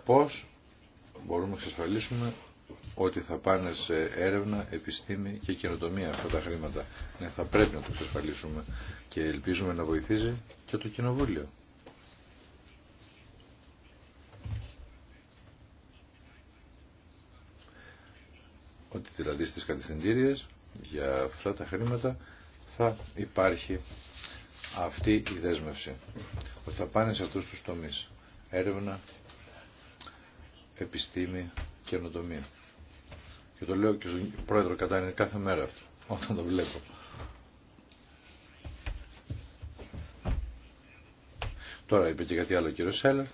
Πώς μπορούμε να εξασφαλίσουμε ότι θα πάνε σε έρευνα, επιστήμη και καινοτομία αυτά τα χρήματα. Ναι, θα πρέπει να το εξασφαλίσουμε και ελπίζουμε να βοηθήσει και το Κοινοβούλιο. Ότι δηλαδή στις κατευθυντήριες για αυτά τα χρήματα θα υπάρχει αυτή η δέσμευση. Ότι θα πάνε σε αυτούς τους τομείς. Έρευνα, επιστήμη, καινοτομία. Και το λέω και στον πρόεδρο Κατάνη κάθε μέρα αυτό, όταν το βλέπω. Τώρα είπε και κάτι άλλο ο κύριο Σέλερ.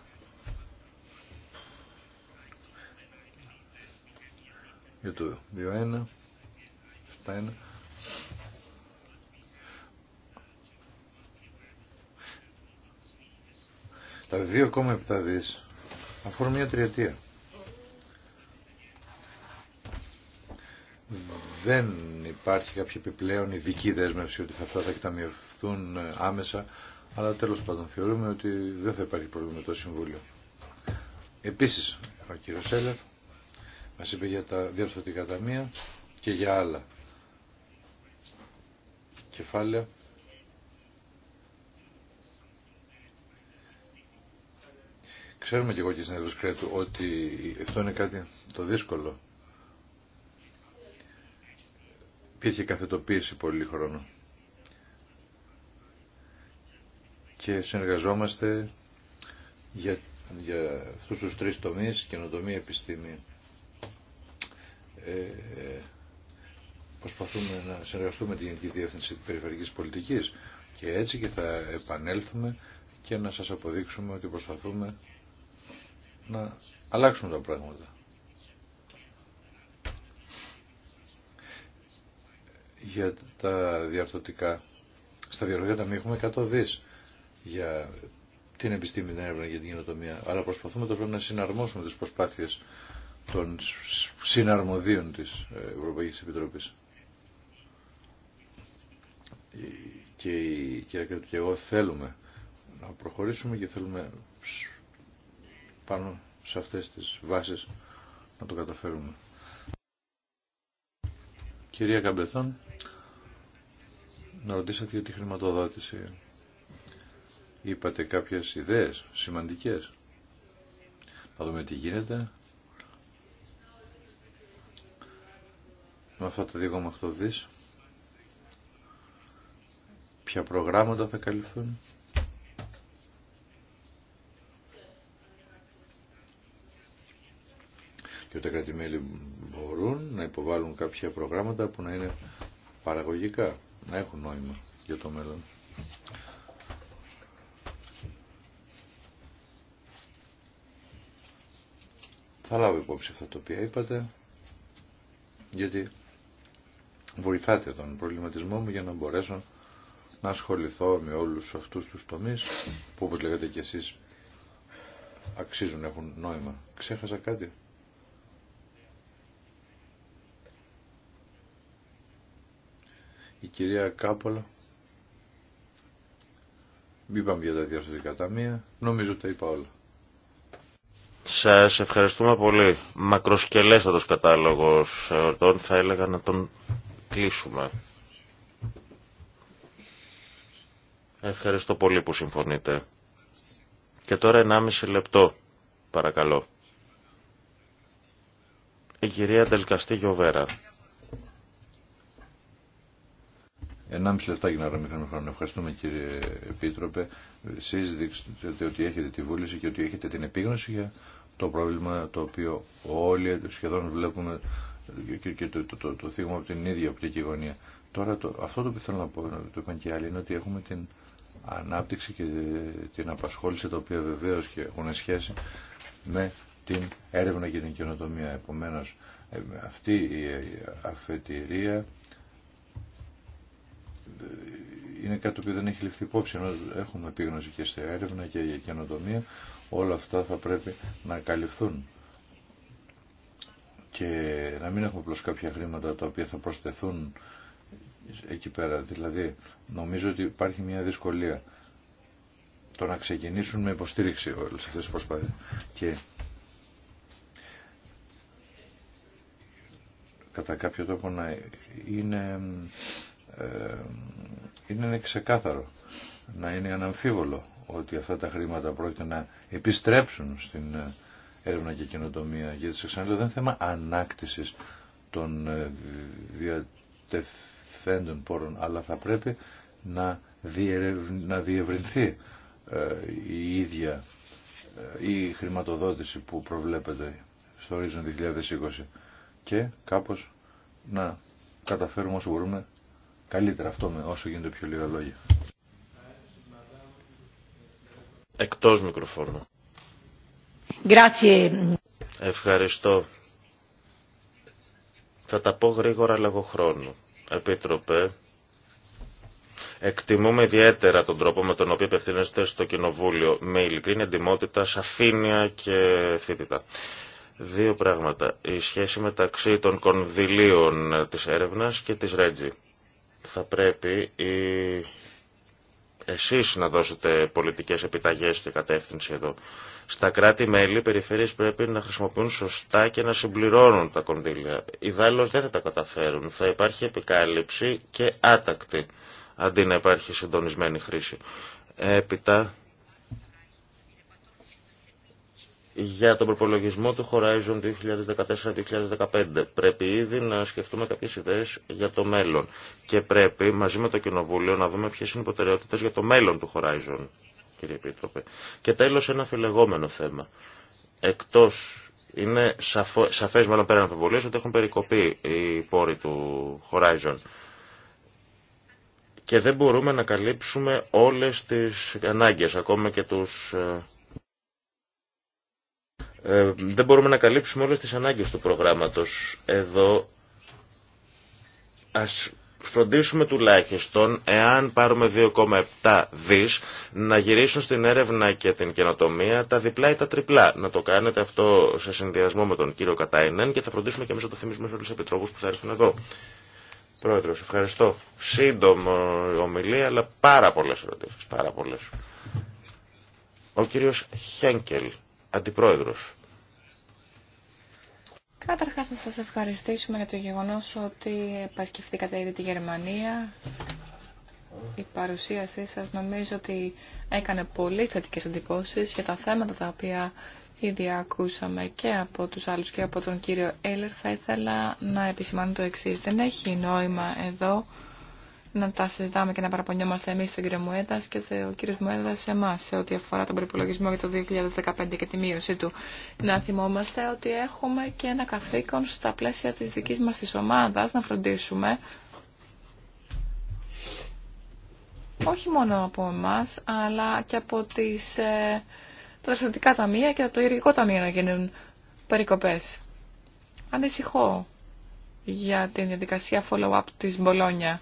Για το 2-1, 7-1. Τα 2,7 δις αφορούν μια τριετία. δεν υπάρχει κάποια επιπλέον ειδική δέσμευση ότι αυτά θα εκταμιευθούν ε, άμεσα, αλλά τέλος πάντων θεωρούμε ότι δεν θα υπάρχει πρόβλημα με το Συμβούλιο. Επίσης, ο κύριος Σέλερ μας είπε για τα διαπιστωτικά ταμεία και για άλλα κεφάλαια. Ξέρουμε και εγώ και στην Ευρωσκρέτου ότι αυτό είναι κάτι το δύσκολο υπήρχε καθετοποίηση πολύ χρόνο. Και συνεργαζόμαστε για, για αυτούς τους τρεις τομείς, καινοτομία, επιστήμη. Ε, προσπαθούμε να συνεργαστούμε την Γενική Διεύθυνση Περιφερειακής Πολιτικής και έτσι και θα επανέλθουμε και να σας αποδείξουμε ότι προσπαθούμε να αλλάξουμε τα πράγματα. για τα διαρθωτικά. Στα βιολογικά ταμεία έχουμε 100 δι για την επιστήμη, την έρευνα για την κοινοτομία. Αλλά προσπαθούμε τώρα να συναρμόσουμε τις προσπάθειες των συναρμοδίων της ε, Ευρωπαϊκής Επιτροπής. Και η κυρία Κρέτου και εγώ θέλουμε να προχωρήσουμε και θέλουμε πάνω σε αυτές τις βάσεις να το καταφέρουμε. Κυρία Καμπεθόν να ρωτήσατε για τη χρηματοδότηση. Είπατε κάποιες ιδέες σημαντικές. Να δούμε τι γίνεται. Με αυτά τα 2,8 δις. Ποια προγράμματα θα καλυφθούν. Και ότι τα κρατημέλη μπορούν να υποβάλουν κάποια προγράμματα που να είναι παραγωγικά να έχουν νόημα για το μέλλον. Θα λάβω υπόψη αυτά τα οποία είπατε, γιατί βοηθάτε τον προβληματισμό μου για να μπορέσω να ασχοληθώ με όλους αυτούς τους τομείς που όπως λέγατε και εσείς αξίζουν, έχουν νόημα. Ξέχασα κάτι. κυρία Κάπολα. Είπαμε για τα διαρθρωτικά ταμεία. Νομίζω τα είπα όλα. Σας ευχαριστούμε πολύ. Μακροσκελέστατος κατάλογος εορτών. Θα έλεγα να τον κλείσουμε. Ευχαριστώ πολύ που συμφωνείτε. Και τώρα 1,5 λεπτό, παρακαλώ. Η κυρία Ντελκαστή Γιοβέρα. 1,5 λεπτά για να χρόνο. Ευχαριστούμε κύριε Επίτροπε. Εσείς δείξατε ότι έχετε τη βούληση και ότι έχετε την επίγνωση για το πρόβλημα το οποίο όλοι σχεδόν βλέπουμε και το, το, το, θίγουμε από την ίδια οπτική γωνία. Τώρα το, αυτό το οποίο θέλω να πω, το είπαν και άλλοι, είναι ότι έχουμε την ανάπτυξη και την απασχόληση τα οποία βεβαίω και έχουν σχέση με την έρευνα και την καινοτομία. Επομένως ε, αυτή η αφετηρία είναι κάτι που δεν έχει ληφθεί υπόψη, ενώ έχουμε επίγνωση και σε έρευνα και για καινοτομία, όλα αυτά θα πρέπει να καλυφθούν. Και να μην έχουμε απλώ κάποια χρήματα τα οποία θα προσθεθούν εκεί πέρα. Δηλαδή, νομίζω ότι υπάρχει μια δυσκολία το να ξεκινήσουν με υποστήριξη όλες αυτές τις προσπάθειες. Και κατά κάποιο τρόπο να είναι ε, είναι ξεκάθαρο να είναι αναμφίβολο ότι αυτά τα χρήματα πρόκειται να επιστρέψουν στην ε, έρευνα και κοινοτομία γιατί σε ξαναλέω δεν θέμα ανάκτησης των ε, διατεθέντων πόρων αλλά θα πρέπει να, να διευρυνθεί η ίδια η χρηματοδότηση που προβλέπεται στο ορίζον 2020 και κάπως να καταφέρουμε όσο μπορούμε καλύτερα αυτό με όσο γίνεται πιο λίγα λόγια. Εκτός μικροφώνου. Ευχαριστώ. Θα τα πω γρήγορα λόγω χρόνου. Επίτροπε, εκτιμούμε ιδιαίτερα τον τρόπο με τον οποίο απευθύνεστε στο Κοινοβούλιο με ειλικρίνη εντυμότητα, σαφήνεια και ευθύτητα. Δύο πράγματα. Η σχέση μεταξύ των κονδυλίων της έρευνας και της Ρέτζη θα πρέπει εσείς να δώσετε πολιτικές επιταγές και κατεύθυνση εδώ. Στα κράτη-μέλη οι περιφέρειες πρέπει να χρησιμοποιούν σωστά και να συμπληρώνουν τα κονδύλια. Ιδάλλως δεν θα τα καταφέρουν. Θα υπάρχει επικάλυψη και άτακτη αντί να υπάρχει συντονισμένη χρήση. Έπειτα για τον προπολογισμό του Horizon 2014-2015. Πρέπει ήδη να σκεφτούμε κάποιες ιδέες για το μέλλον και πρέπει μαζί με το Κοινοβούλιο να δούμε ποιες είναι οι προτεραιότητες για το μέλλον του Horizon, κύριε Επίτροπε. Και τέλος ένα φιλεγόμενο θέμα. Εκτός είναι σαφέ, σαφές μάλλον πέραν αμφιβολίες ότι έχουν περικοπεί οι πόροι του Horizon και δεν μπορούμε να καλύψουμε όλες τις ανάγκες, ακόμα και τους ε, ε, δεν μπορούμε να καλύψουμε όλες τις ανάγκες του προγράμματος. Εδώ ας φροντίσουμε τουλάχιστον, εάν πάρουμε 2,7 δις, να γυρίσουν στην έρευνα και την καινοτομία τα διπλά ή τα τριπλά. Να το κάνετε αυτό σε συνδυασμό με τον κύριο Κατάινεν και θα φροντίσουμε και εμείς να το θυμίσουμε σε όλους τους επιτρόπους που θα έρθουν εδώ. Πρόεδρος, ευχαριστώ. Σύντομο ομιλία, αλλά πάρα πολλές ερωτήσεις, πάρα πολλές. Ο κύριος Χένκελ Αντιπρόεδρος. Καταρχάς να σας ευχαριστήσουμε για το γεγονός ότι επασκεφθήκατε ήδη τη Γερμανία. Η παρουσίασή σας νομίζω ότι έκανε πολύ θετικές εντυπώσεις για τα θέματα τα οποία ήδη ακούσαμε και από τους άλλους και από τον κύριο Έλλερ. Θα ήθελα να επισημάνω το εξής. Δεν έχει νόημα εδώ να τα συζητάμε και να παραπονιόμαστε εμεί στον κύριο και ο κύριο Μουέτα σε εμά σε ό,τι αφορά τον προπολογισμό για το 2015 και τη μείωση του. Να θυμόμαστε ότι έχουμε και ένα καθήκον στα πλαίσια τη δική μα τη ομάδα να φροντίσουμε όχι μόνο από εμά, αλλά και από τις, ε, τα δραστηριοτικά ταμεία και από το ειρηνικό ταμείο να γίνουν περικοπέ. Ανησυχώ για την διαδικασία follow-up της Μπολόνια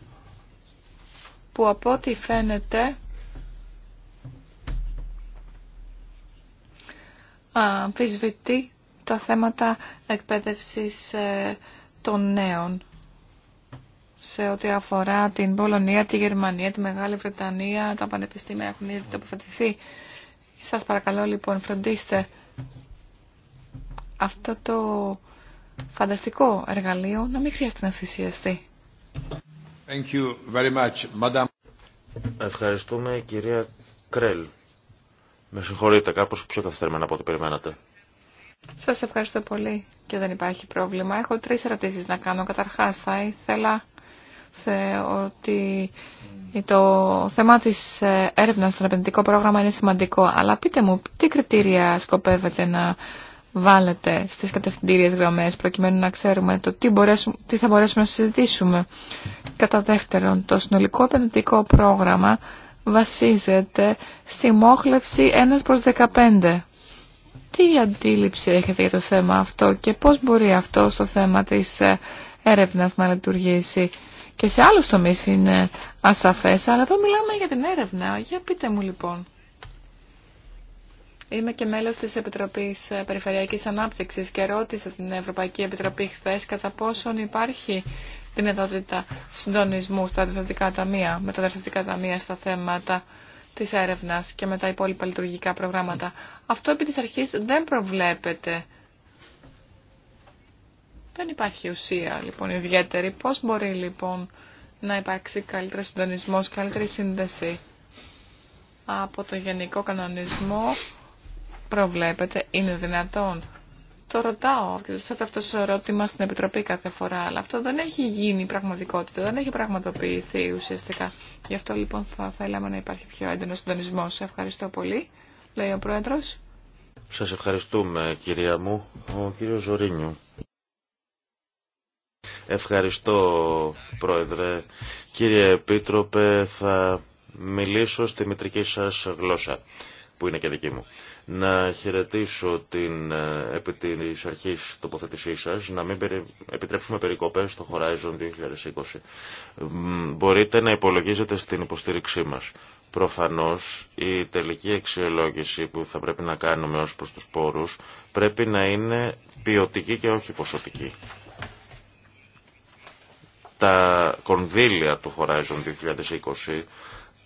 που από ό,τι φαίνεται αμφισβητεί τα θέματα εκπαίδευσης ε, των νέων σε ό,τι αφορά την Πολωνία, τη Γερμανία, τη Μεγάλη Βρετανία, τα πανεπιστήμια έχουν ήδη τοποθετηθεί. Σας παρακαλώ λοιπόν φροντίστε αυτό το φανταστικό εργαλείο να μην χρειάζεται να θυσιαστεί. Ευχαριστούμε κυρία Κρέλ. Με συγχωρείτε, κάπως πιο καθυστερημένα από ό,τι περιμένατε. Σας ευχαριστώ πολύ και δεν υπάρχει πρόβλημα. Έχω τρεις ερωτήσεις να κάνω. Καταρχάς θα ήθελα ότι το θέμα της ε, έρευνας στον επενδυτικό πρόγραμμα είναι σημαντικό. Αλλά πείτε μου, τι κριτήρια σκοπεύετε να βάλετε στις κατευθυντήριες γραμμές προκειμένου να ξέρουμε το τι, τι θα μπορέσουμε να συζητήσουμε. Κατά δεύτερον, το συνολικό επενδυτικό πρόγραμμα βασίζεται στη μόχλευση 1 προς 15. Τι αντίληψη έχετε για το θέμα αυτό και πώς μπορεί αυτό στο θέμα της ε, έρευνας να λειτουργήσει. Και σε άλλους τομείς είναι ασαφές, αλλά εδώ μιλάμε για την έρευνα. Για πείτε μου λοιπόν. Είμαι και μέλος της Επιτροπής ε, Περιφερειακής Ανάπτυξης και ρώτησα την Ευρωπαϊκή Επιτροπή χθε κατά πόσον υπάρχει δυνατότητα συντονισμού στα ταμεία, με τα διευθυντικά ταμεία στα θέματα της έρευνας και με τα υπόλοιπα λειτουργικά προγράμματα. Αυτό επί της αρχής δεν προβλέπεται. Δεν υπάρχει ουσία λοιπόν ιδιαίτερη. Πώς μπορεί λοιπόν να υπάρξει καλύτερο συντονισμός, καλύτερη σύνδεση από το γενικό κανονισμό προβλέπετε, είναι δυνατόν. Το ρωτάω και το θέτω αυτό το ερώτημα στην Επιτροπή κάθε φορά, αλλά αυτό δεν έχει γίνει πραγματικότητα, δεν έχει πραγματοποιηθεί ουσιαστικά. Γι' αυτό λοιπόν θα θέλαμε να υπάρχει πιο έντονο συντονισμό. Σε ευχαριστώ πολύ, λέει ο πρόεδρο. Σα ευχαριστούμε κυρία μου, ο κύριο Ζωρίνιου. Ευχαριστώ πρόεδρε. Κύριε Επίτροπε, θα μιλήσω στη μητρική σας γλώσσα, που είναι και δική μου να χαιρετήσω την ε, επί της αρχής τοποθετησή σας, να μην επιτρέψουμε περικοπές στο Horizon 2020. Μπορείτε να υπολογίζετε στην υποστήριξή μας. Προφανώς η τελική αξιολόγηση που θα πρέπει να κάνουμε ως προς τους πόρους πρέπει να είναι ποιοτική και όχι ποσοτική. Τα κονδύλια του Horizon 2020,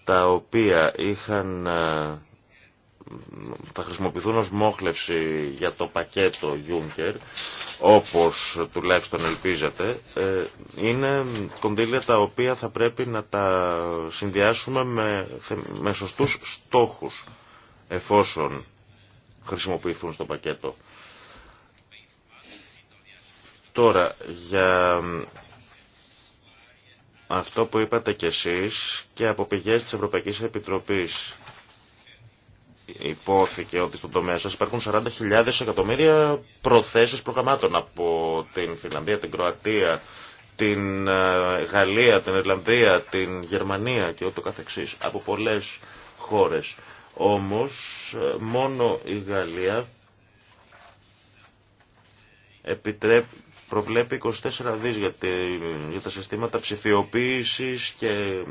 τα οποία είχαν ε, θα χρησιμοποιηθούν ως μόχλευση για το πακέτο Juncker, όπως τουλάχιστον ελπίζετε, είναι κονδύλια τα οποία θα πρέπει να τα συνδυάσουμε με, με σωστούς στόχους, εφόσον χρησιμοποιηθούν στο πακέτο. Τώρα, για αυτό που είπατε κι εσείς και από πηγές της Ευρωπαϊκής Επιτροπής υπόθηκε ότι στον τομέα σας υπάρχουν 40.000 εκατομμύρια προθέσεις προγραμμάτων από την Φιλανδία, την Κροατία, την ε, Γαλλία, την Ιρλανδία, την Γερμανία και ό,τι καθεξής από πολλές χώρες. Όμως ε, μόνο η Γαλλία επιτρέπει προβλέπει 24 δις για, τα συστήματα ψηφιοποίησης και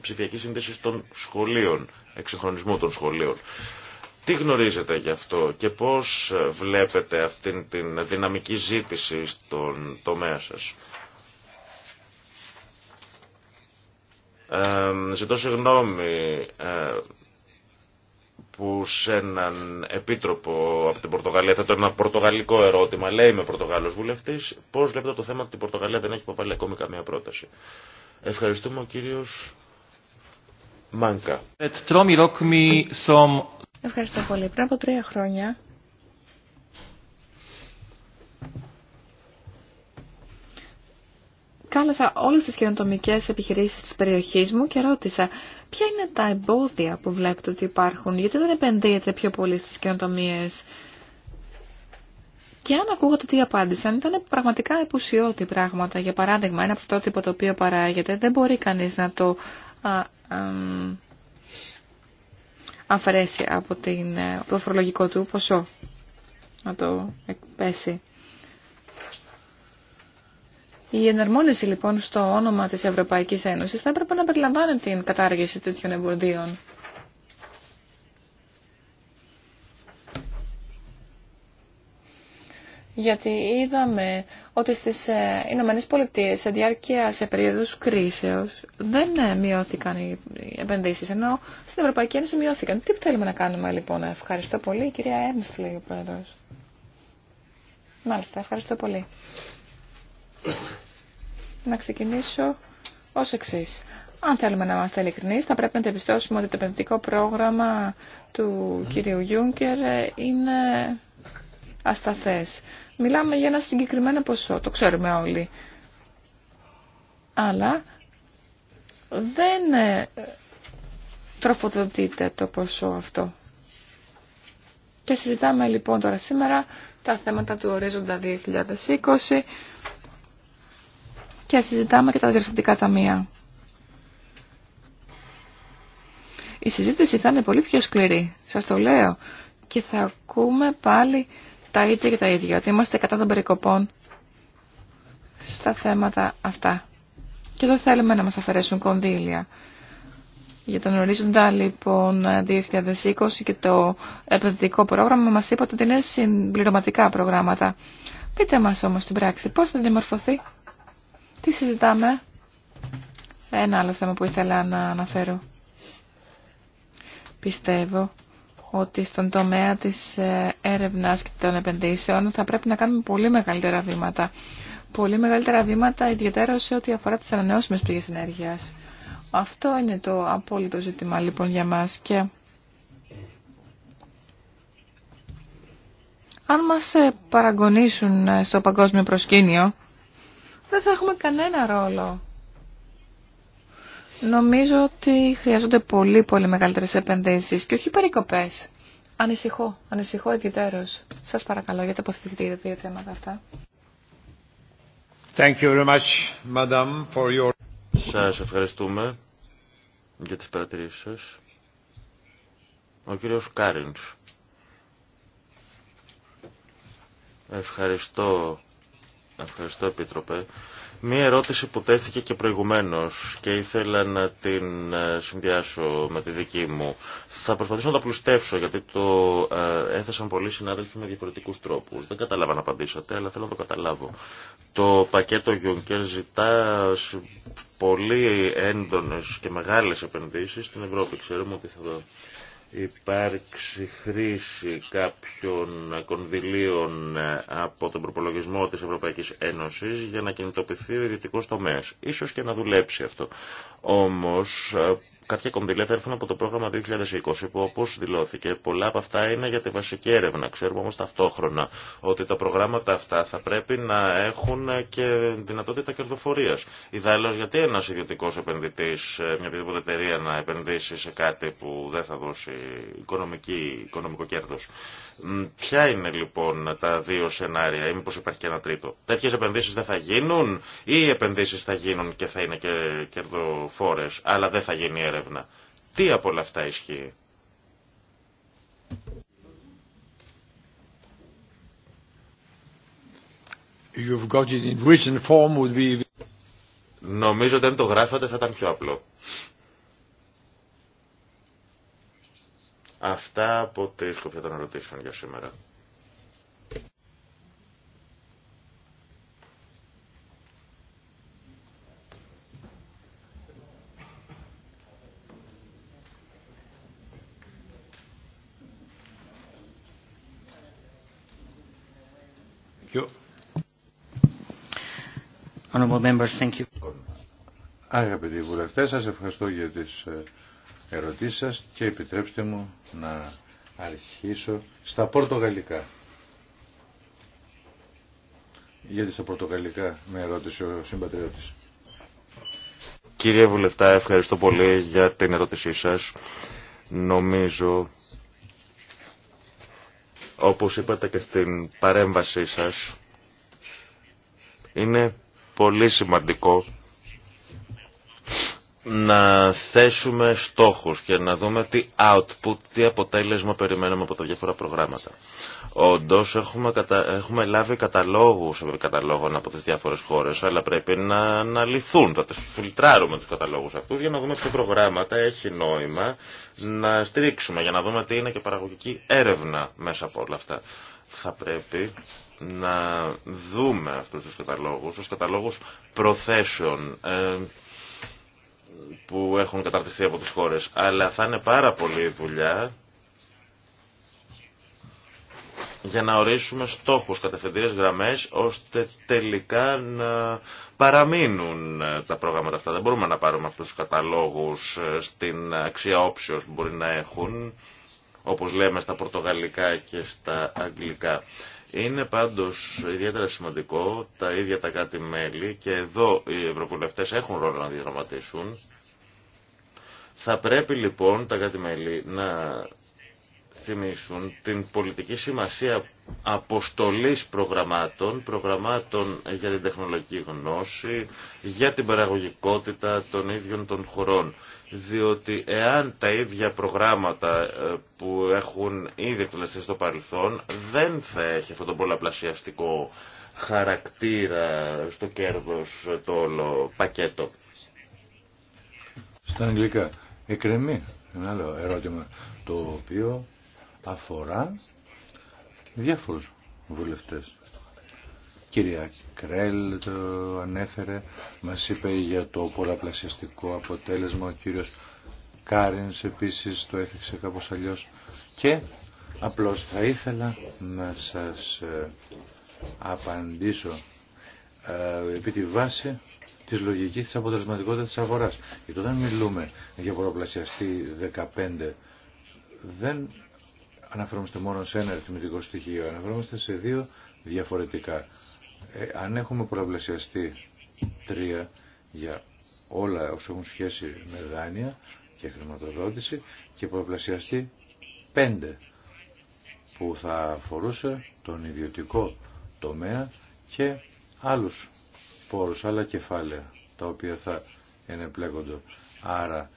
ψηφιακής σύνδεσης των σχολείων, εξυγχρονισμού των σχολείων. Τι γνωρίζετε γι' αυτό και πώς βλέπετε αυτήν την δυναμική ζήτηση στον τομέα σας. Ε, ζητώ συγγνώμη, ε, που σε έναν επίτροπο από την Πορτογαλία θα το ένα πορτογαλικό ερώτημα, λέει με Πορτογάλος βουλευτής, πώς βλέπετε το θέμα ότι η Πορτογαλία δεν έχει υποβάλει ακόμη καμία πρόταση. Ευχαριστούμε ο κύριος Μάνκα. Ευχαριστώ πολύ. Πριν από τρία χρόνια κάλεσα όλες τις καινοτομικές επιχειρήσεις της περιοχής μου και ρώτησα Ποια είναι τα εμπόδια που βλέπετε ότι υπάρχουν, γιατί δεν επενδύεται πιο πολύ στι καινοτομίε. Και αν ακούγατε τι απάντησαν, ήταν πραγματικά επουσιώτη πράγματα. Για παράδειγμα, ένα πρωτότυπο το οποίο παράγεται, δεν μπορεί κανείς να το αφαιρέσει από την ε, φορολογικό του ποσό να το εκπέσει. Η εναρμόνιση λοιπόν στο όνομα της Ευρωπαϊκής Ένωσης θα έπρεπε να περιλαμβάνει την κατάργηση τέτοιων εμπορδίων. Γιατί είδαμε ότι στις ε, Ηνωμένες Πολιτείες σε διάρκεια σε περίοδους κρίσεως δεν ε, μειώθηκαν οι επενδύσεις, ενώ στην Ευρωπαϊκή Ένωση μειώθηκαν. Τι θέλουμε να κάνουμε λοιπόν. Ευχαριστώ πολύ. Η κυρία Έρνστ λέει ο Πρόεδρος. Μάλιστα, ευχαριστώ πολύ να ξεκινήσω ω εξή. Αν θέλουμε να είμαστε ειλικρινεί, θα πρέπει να διαπιστώσουμε ότι το επενδυτικό πρόγραμμα του κυρίου Γιούγκερ είναι ασταθε. Μιλάμε για ένα συγκεκριμένο ποσό, το ξέρουμε όλοι. Αλλά δεν ε, τροφοδοτείται το ποσό αυτό. Και συζητάμε λοιπόν τώρα σήμερα τα θέματα του ορίζοντα 2020 και συζητάμε και τα διευθυντικά ταμεία. Η συζήτηση θα είναι πολύ πιο σκληρή, σας το λέω. Και θα ακούμε πάλι τα ίδια και τα ίδια, ότι είμαστε κατά των περικοπών στα θέματα αυτά. Και δεν θέλουμε να μας αφαιρέσουν κονδύλια. Για τον ορίζοντα λοιπόν 2020 και το επενδυτικό πρόγραμμα μας είπατε ότι είναι συμπληρωματικά προγράμματα. Πείτε μας όμως στην πράξη πώς θα δημορφωθεί τι συζητάμε. Ένα άλλο θέμα που ήθελα να αναφέρω. Πιστεύω ότι στον τομέα της ε, έρευνας και των επενδύσεων θα πρέπει να κάνουμε πολύ μεγαλύτερα βήματα. Πολύ μεγαλύτερα βήματα ιδιαίτερα σε ό,τι αφορά τις ανανεώσιμες πηγές ενέργειας. Αυτό είναι το απόλυτο ζήτημα λοιπόν για μας και αν μας ε, παραγωνίσουν ε, στο παγκόσμιο προσκήνιο δεν θα έχουμε κανένα ρόλο. Νομίζω ότι χρειάζονται πολύ πολύ μεγαλύτερες επενδύσεις και όχι περικοπές. Ανησυχώ, ανησυχώ ιδιαίτερως. Σας παρακαλώ για τοποθετηθείτε για τα δύο θέματα αυτά. Thank you very much, madam, for your... Σας ευχαριστούμε για τις παρατηρήσεις σας. Ο κύριος Κάριντς. Ευχαριστώ Ευχαριστώ, Επίτροπε. Μία ερώτηση που τέθηκε και προηγουμένως και ήθελα να την ε, συνδυάσω με τη δική μου. Θα προσπαθήσω να το πλουστεύσω γιατί το ε, έθεσαν πολλοί συνάδελφοι με διαφορετικούς τρόπους. Δεν κατάλαβα να απαντήσατε, αλλά θέλω να το καταλάβω. Το πακέτο Juncker ζητά πολύ έντονες και μεγάλες επενδύσεις στην Ευρώπη. Ξέρουμε ότι θα υπάρξει χρήση κάποιων κονδυλίων ε, από τον προπολογισμό της Ευρωπαϊκής Ένωσης για να κινητοποιηθεί ο ιδιωτικός τομέας. Ίσως και να δουλέψει αυτό. Όμως ε, κάποια κονδυλία θα έρθουν από το πρόγραμμα 2020 που όπως δηλώθηκε πολλά από αυτά είναι για τη βασική έρευνα. Ξέρουμε όμως ταυτόχρονα ότι τα προγράμματα αυτά θα πρέπει να έχουν και δυνατότητα κερδοφορίας. Ιδάλλως γιατί ένας ιδιωτικός επενδυτής, ε, μια οποιαδήποτε εταιρεία να επενδύσει σε κάτι που δεν θα δώσει οικονομική, οικονομικό κέρδος. Ποια είναι λοιπόν τα δύο σενάρια ή μήπως υπάρχει και ένα τρίτο. Τέτοιες επενδύσεις δεν θα γίνουν ή οι επενδύσεις θα γίνουν και θα είναι και κερδοφόρες αλλά δεν θα γίνει έρευνα έρευνα. Τι από όλα αυτά ισχύει. Νομίζω ότι αν το γράφατε θα ήταν πιο απλό. Αυτά από τη σκοπιά των ερωτήσεων για σήμερα. Αγαπητοί βουλευτέ, σα ευχαριστώ για τι ε, ερωτήσει σα και επιτρέψτε μου να αρχίσω στα πορτογαλικά. Γιατί στα πορτογαλικά με ερώτησε ο συμπατριώτη. Κύριε Βουλευτά, ευχαριστώ πολύ για την ερώτησή σας. Νομίζω, όπως είπατε και στην παρέμβασή σας, είναι πολύ σημαντικό να θέσουμε στόχους και να δούμε τι output, τι αποτέλεσμα περιμένουμε από τα διάφορα προγράμματα. Όντω έχουμε, έχουμε λάβει καταλόγους από τις διάφορες χώρες, αλλά πρέπει να αναλυθούν, θα τις φιλτράρουμε τους καταλόγους αυτούς για να δούμε τι προγράμματα έχει νόημα να στηρίξουμε, για να δούμε τι είναι και παραγωγική έρευνα μέσα από όλα αυτά θα πρέπει να δούμε αυτούς τους καταλόγους ως καταλόγους προθέσεων ε, που έχουν καταρτιστεί από τις χώρες. Αλλά θα είναι πάρα πολύ δουλειά για να ορίσουμε στόχους κατευθυντήρες γραμμές ώστε τελικά να παραμείνουν ε, τα πρόγραμματα αυτά. Δεν μπορούμε να πάρουμε αυτούς τους καταλόγους ε, στην αξία όψεως που μπορεί να έχουν όπως λέμε στα πορτογαλικά και στα αγγλικά. Είναι πάντως ιδιαίτερα σημαντικό τα ίδια τα κάτι μελη και εδώ οι ευρωβουλευτές έχουν ρόλο να διαδραματίσουν. Θα πρέπει λοιπόν τα κάτι μελη να την πολιτική σημασία αποστολής προγραμμάτων, προγραμμάτων για την τεχνολογική γνώση, για την παραγωγικότητα των ίδιων των χωρών. Διότι εάν τα ίδια προγράμματα ε, που έχουν ήδη εκτελεστεί στο παρελθόν δεν θα έχει αυτόν τον πολλαπλασιαστικό χαρακτήρα στο κέρδος το όλο πακέτο. Στα αγγλικά εκκρεμεί ένα άλλο ερώτημα το οποίο αφορά διάφορους βουλευτές. Κυρία Κρέλ το ανέφερε, μας είπε για το πολλαπλασιαστικό αποτέλεσμα, ο κύριος Κάρινς επίσης το έφεξε κάπως αλλιώς και απλώς θα ήθελα να σας ε, απαντήσω ε, επί τη βάση της λογικής της αποτελεσματικότητα τη αγορά. Γιατί όταν μιλούμε για πολλαπλασιαστή 15, δεν αναφερόμαστε μόνο σε ένα αριθμητικό στοιχείο, αναφερόμαστε σε δύο διαφορετικά. Ε, αν έχουμε προαπλασιαστεί τρία για όλα όσα έχουν σχέση με δάνεια και χρηματοδότηση και προαπλασιαστεί πέντε που θα αφορούσε τον ιδιωτικό τομέα και άλλους πόρους, άλλα κεφάλαια τα οποία θα ενεπλέκονται. Άρα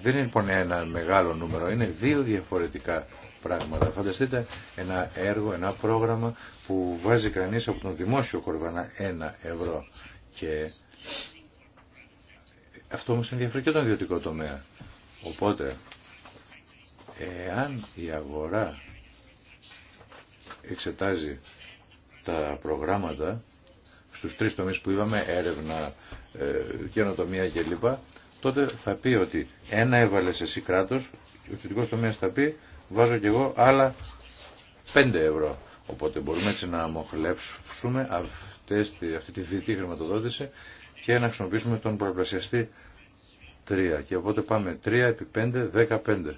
δεν είναι λοιπόν ένα μεγάλο νούμερο, είναι δύο διαφορετικά πράγματα. Φανταστείτε ένα έργο, ένα πρόγραμμα που βάζει κανείς από τον δημόσιο κορβανά ένα ευρώ και αυτό όμως ενδιαφέρει και τον ιδιωτικό τομέα. Οπότε, εάν η αγορά εξετάζει τα προγράμματα στους τρεις τομείς που είπαμε, έρευνα, ε, καινοτομία κλπ, τότε θα πει ότι ένα έβαλε εσύ κράτο, ο ιδιωτικό τομέα θα πει βάζω κι εγώ άλλα 5 ευρώ. Οπότε μπορούμε έτσι να αμοχλέψουμε αυτές, αυτή τη δυτή χρηματοδότηση και να χρησιμοποιήσουμε τον πολλαπλασιαστή 3. Και οπότε πάμε 3 επί 5, 15.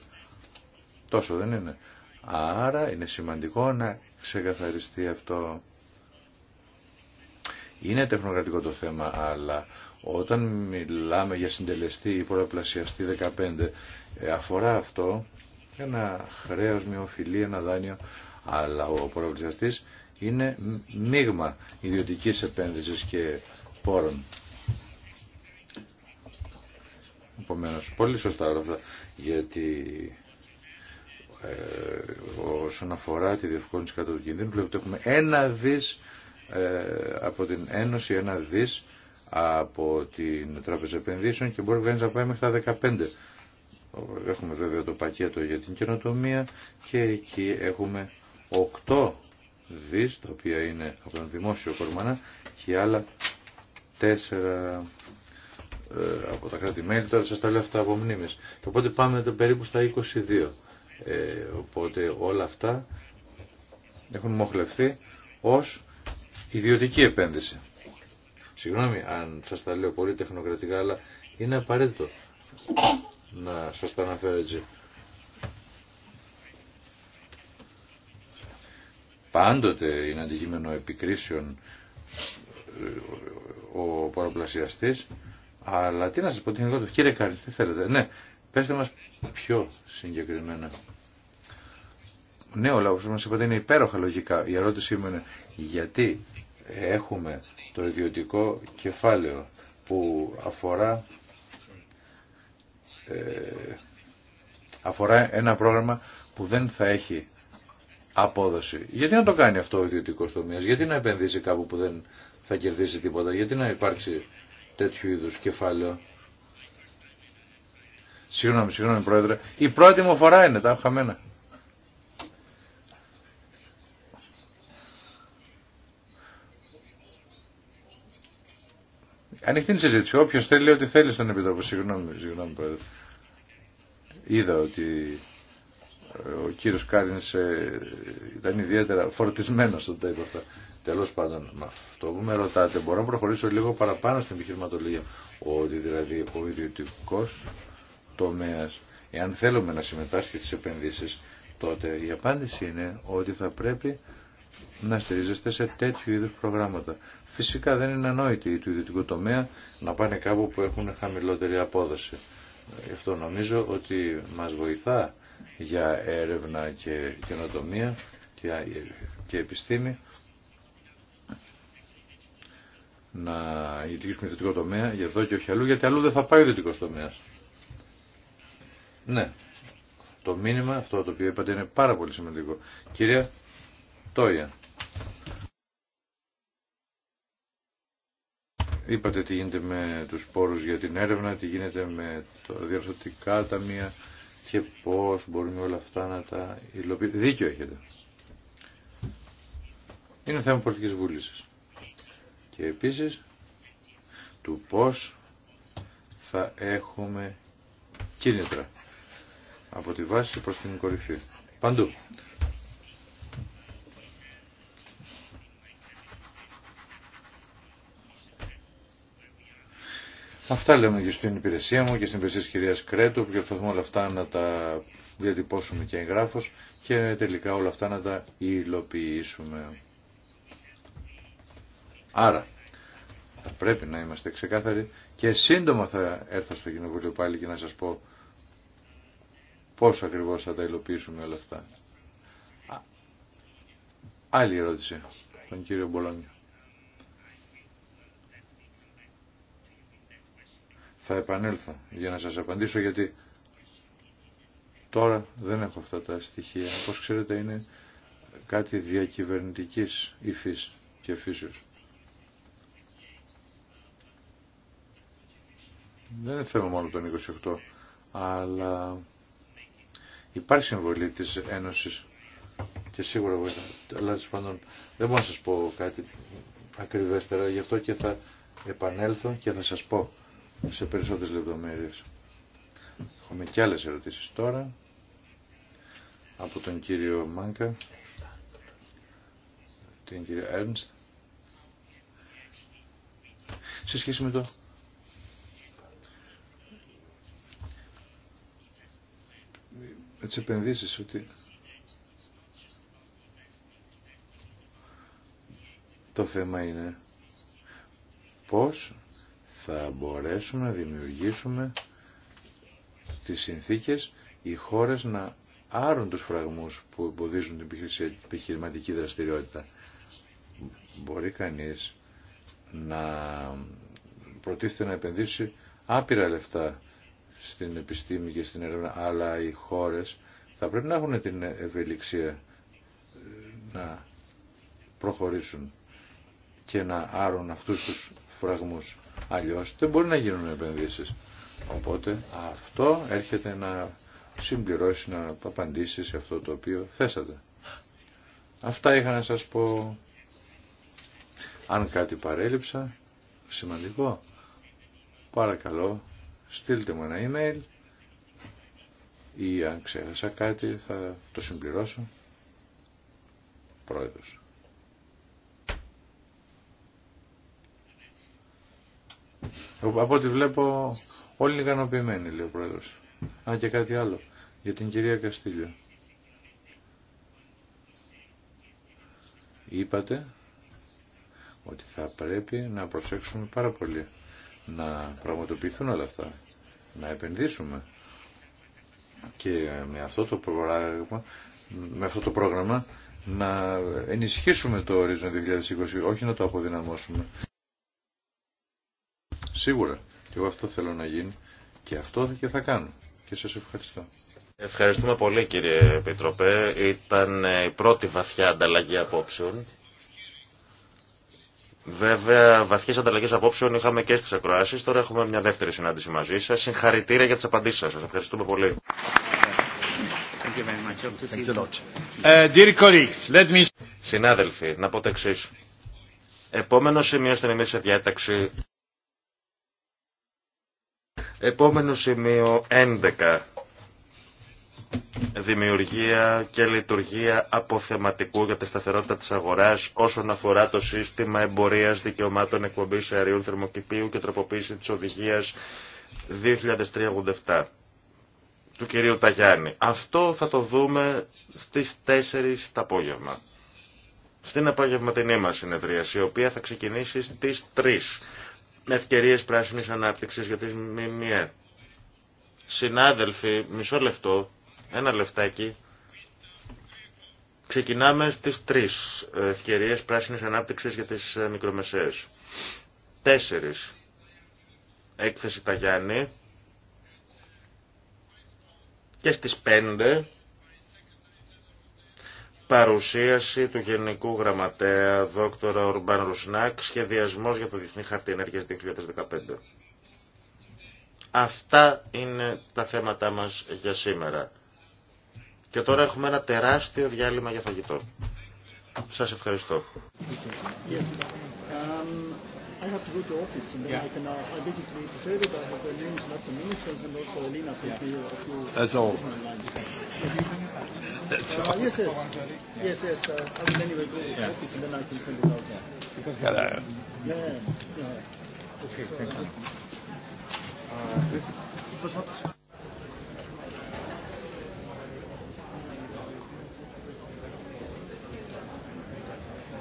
Τόσο δεν είναι. Άρα είναι σημαντικό να ξεκαθαριστεί αυτό. Είναι τεχνοκρατικό το θέμα, αλλά όταν μιλάμε για συντελεστή ή πορεπλασιαστή 15, ε, αφορά αυτό ένα χρέος, μια οφειλή, ένα δάνειο, αλλά ο πολλαπλασιαστής είναι μείγμα ιδιωτικής επένδυσης και πόρων. Επομένω, πολύ σωστά όλα αυτά, γιατί ε, όσον αφορά τη διευκόλυνση κατά του κινδύνου, έχουμε ένα δις ε, από την Ένωση, ένα δις από την Τράπεζα Επενδύσεων και μπορεί κανείς να πάει μέχρι τα 15. Έχουμε βέβαια το πακέτο για την καινοτομία και εκεί έχουμε 8 δις, τα οποία είναι από τον δημόσιο κορμανά και άλλα 4 ε, από τα κράτη-μέλη, τώρα σας τα λέω αυτά από μνήμες. Οπότε πάμε το περίπου στα 22. Ε, οπότε όλα αυτά έχουν μοχλευθεί ως ιδιωτική επένδυση. Συγγνώμη αν σας τα λέω πολύ τεχνοκρατικά, αλλά είναι απαραίτητο να σας τα αναφέρω έτσι. Πάντοτε είναι αντικείμενο επικρίσεων ε, ο παροπλασιαστής, αλλά τι να σας πω την του. Κύριε Κάριν, τι θέλετε. Ναι, πέστε μας πιο συγκεκριμένα. Ναι, όλα όπως μας είπατε είναι υπέροχα λογικά. Η ερώτησή μου είναι γιατί έχουμε το ιδιωτικό κεφάλαιο που αφορά, ε, αφορά ένα πρόγραμμα που δεν θα έχει απόδοση. Γιατί να το κάνει αυτό ο ιδιωτικό τομέα, γιατί να επενδύσει κάπου που δεν θα κερδίσει τίποτα, γιατί να υπάρξει τέτοιου είδου κεφάλαιο. Συγγνώμη, συγγνώμη πρόεδρε, η πρώτη μου φορά είναι, τα χαμένα. ανοιχτή συζήτηση. Όποιο θέλει ό,τι θέλει στον Επιτρόπο. Συγγνώμη, συγγνώμη πρόεδρε. Είδα ότι ε, ο κύριος Κάριν ε, ήταν ιδιαίτερα φορτισμένο όταν τα αυτά. Τέλος πάντων, με αυτό που με ρωτάτε, μπορώ να προχωρήσω λίγο παραπάνω στην επιχειρηματολογία. Ότι δηλαδή ο ιδιωτικό τομέας, εάν θέλουμε να συμμετάσχει στις επενδύσει, τότε η απάντηση είναι ότι θα πρέπει να στηρίζεστε σε τέτοιου είδους προγράμματα. Φυσικά δεν είναι ανόητοι του ιδιωτικού τομέα να πάνε κάπου που έχουν χαμηλότερη απόδοση. Γι' αυτό νομίζω ότι μας βοηθά για έρευνα και καινοτομία και επιστήμη να το ιδιωτικό τομέα για εδώ και όχι αλλού, γιατί αλλού δεν θα πάει ο ιδιωτικός τομέας. Ναι. Το μήνυμα αυτό το οποίο είπατε είναι πάρα πολύ σημαντικό. Κυρία Τόια. Είπατε τι γίνεται με τους πόρους για την έρευνα, τι γίνεται με το διορθωτικά ταμεία και πώς μπορούμε όλα αυτά να τα υλοποιήσουμε. Δίκιο έχετε. Είναι θέμα πολιτικής βούλησης. Και επίσης του πώς θα έχουμε κίνητρα από τη βάση προς την κορυφή. Παντού. Αυτά λέμε και στην υπηρεσία μου και στην υπηρεσία της κυρίας Κρέτου και προσπαθούμε όλα αυτά να τα διατυπώσουμε και εγγράφως και τελικά όλα αυτά να τα υλοποιήσουμε. Άρα, θα πρέπει να είμαστε ξεκάθαροι και σύντομα θα έρθω στο κοινοβούλιο πάλι και να σας πω πώς ακριβώς θα τα υλοποιήσουμε όλα αυτά. Άλλη ερώτηση, τον κύριο Μπολόνιο. θα επανέλθω για να σας απαντήσω γιατί τώρα δεν έχω αυτά τα στοιχεία. Όπως ξέρετε είναι κάτι διακυβερνητικής υφής και φύσεως. Δεν είναι θέμα μόνο των 28, αλλά υπάρχει συμβολή της Ένωσης και σίγουρα βοηθά. Αλλά πάντων δεν μπορώ να σας πω κάτι ακριβέστερα, γι' αυτό και θα επανέλθω και θα σας πω σε περισσότερες λεπτομέρειες. Έχουμε και άλλες ερωτήσεις τώρα από τον κύριο Μάνκα, την κυρία Έρνστ, σε σχέση με το με τις επενδύσεις ότι το θέμα είναι πώς θα μπορέσουμε να δημιουργήσουμε τις συνθήκες οι χώρες να άρουν τους φραγμούς που εμποδίζουν την επιχειρηματική δραστηριότητα. Μπορεί κανείς να προτίθεται να επενδύσει άπειρα λεφτά στην επιστήμη και στην έρευνα, αλλά οι χώρες θα πρέπει να έχουν την ευελιξία ε, να προχωρήσουν και να άρουν αυτούς τους φραγμούς. Αλλιώς δεν μπορεί να γίνουν επενδύσεις. Οπότε αυτό έρχεται να συμπληρώσει, να απαντήσει σε αυτό το οποίο θέσατε. Αυτά είχα να σας πω. Αν κάτι παρέλειψα, σημαντικό, παρακαλώ στείλτε μου ένα email ή αν ξέχασα κάτι θα το συμπληρώσω. Πρόεδρος. Από ό,τι βλέπω όλοι είναι ικανοποιημένοι, λέει ο Πρόεδρος. Α, και κάτι άλλο για την κυρία Καστήλιο. Είπατε ότι θα πρέπει να προσέξουμε πάρα πολύ να πραγματοποιηθούν όλα αυτά, να επενδύσουμε. Και με αυτό το πρόγραμμα, με αυτό το πρόγραμμα να ενισχύσουμε το ορίζοντα 2020, όχι να το αποδυναμώσουμε. Σίγουρα. Και Εγώ αυτό θέλω να γίνει και αυτό και θα κάνω. Και σας ευχαριστώ. Ευχαριστούμε πολύ κύριε Επιτροπέ. Ήταν ε, η πρώτη βαθιά ανταλλαγή απόψεων. Βέβαια, βαθιέ ανταλλαγέ απόψεων είχαμε και στις ακροάσεις. Τώρα έχουμε μια δεύτερη συνάντηση μαζί σας. Συγχαρητήρια για τι απαντήσει σα. ευχαριστούμε πολύ. Uh, Συνάδελφοι, να πω το εξής. Επόμενο σημείο στην εμεί διάταξη Επόμενο σημείο 11. Δημιουργία και λειτουργία αποθεματικού για τη σταθερότητα της αγοράς όσον αφορά το σύστημα εμπορίας δικαιωμάτων εκπομπής αερίων θερμοκηπίου και τροποποίηση της οδηγίας 2037 του κυρίου Ταγιάννη. Αυτό θα το δούμε στις 4 το απόγευμα. Στην απόγευματινή μας συνεδρίαση, η οποία θα ξεκινήσει στις 3 με ευκαιρίε πράσινη ανάπτυξη για τις ΜΜΕ. Συνάδελφοι, μισό λεπτό, ένα λεφτάκι. Ξεκινάμε στις τρεις ευκαιρίες πράσινης ανάπτυξης για τις ε, μικρομεσαίες. Τέσσερις. Έκθεση Ταγιάννη. Και στις πέντε Παρουσίαση του Γενικού Γραμματέα Δόκτωρα Ορμπάν Ρουσνάκ, σχεδιασμός για το Διεθνή Χαρτί Ενέργειας 2015. Αυτά είναι τα θέματα μας για σήμερα. Και τώρα έχουμε ένα τεράστιο διάλειμμα για φαγητό. Σας ευχαριστώ. Um, I have to go to office yeah. then I uh, I basically say it. I have the names of the ministers and also Elena sent me a few. That's all. yes, yes. Yes, yes. Uh, I will anyway go to office and then I can send it out. Yeah. Yeah. yeah. Okay, thank you. Uh, this was not...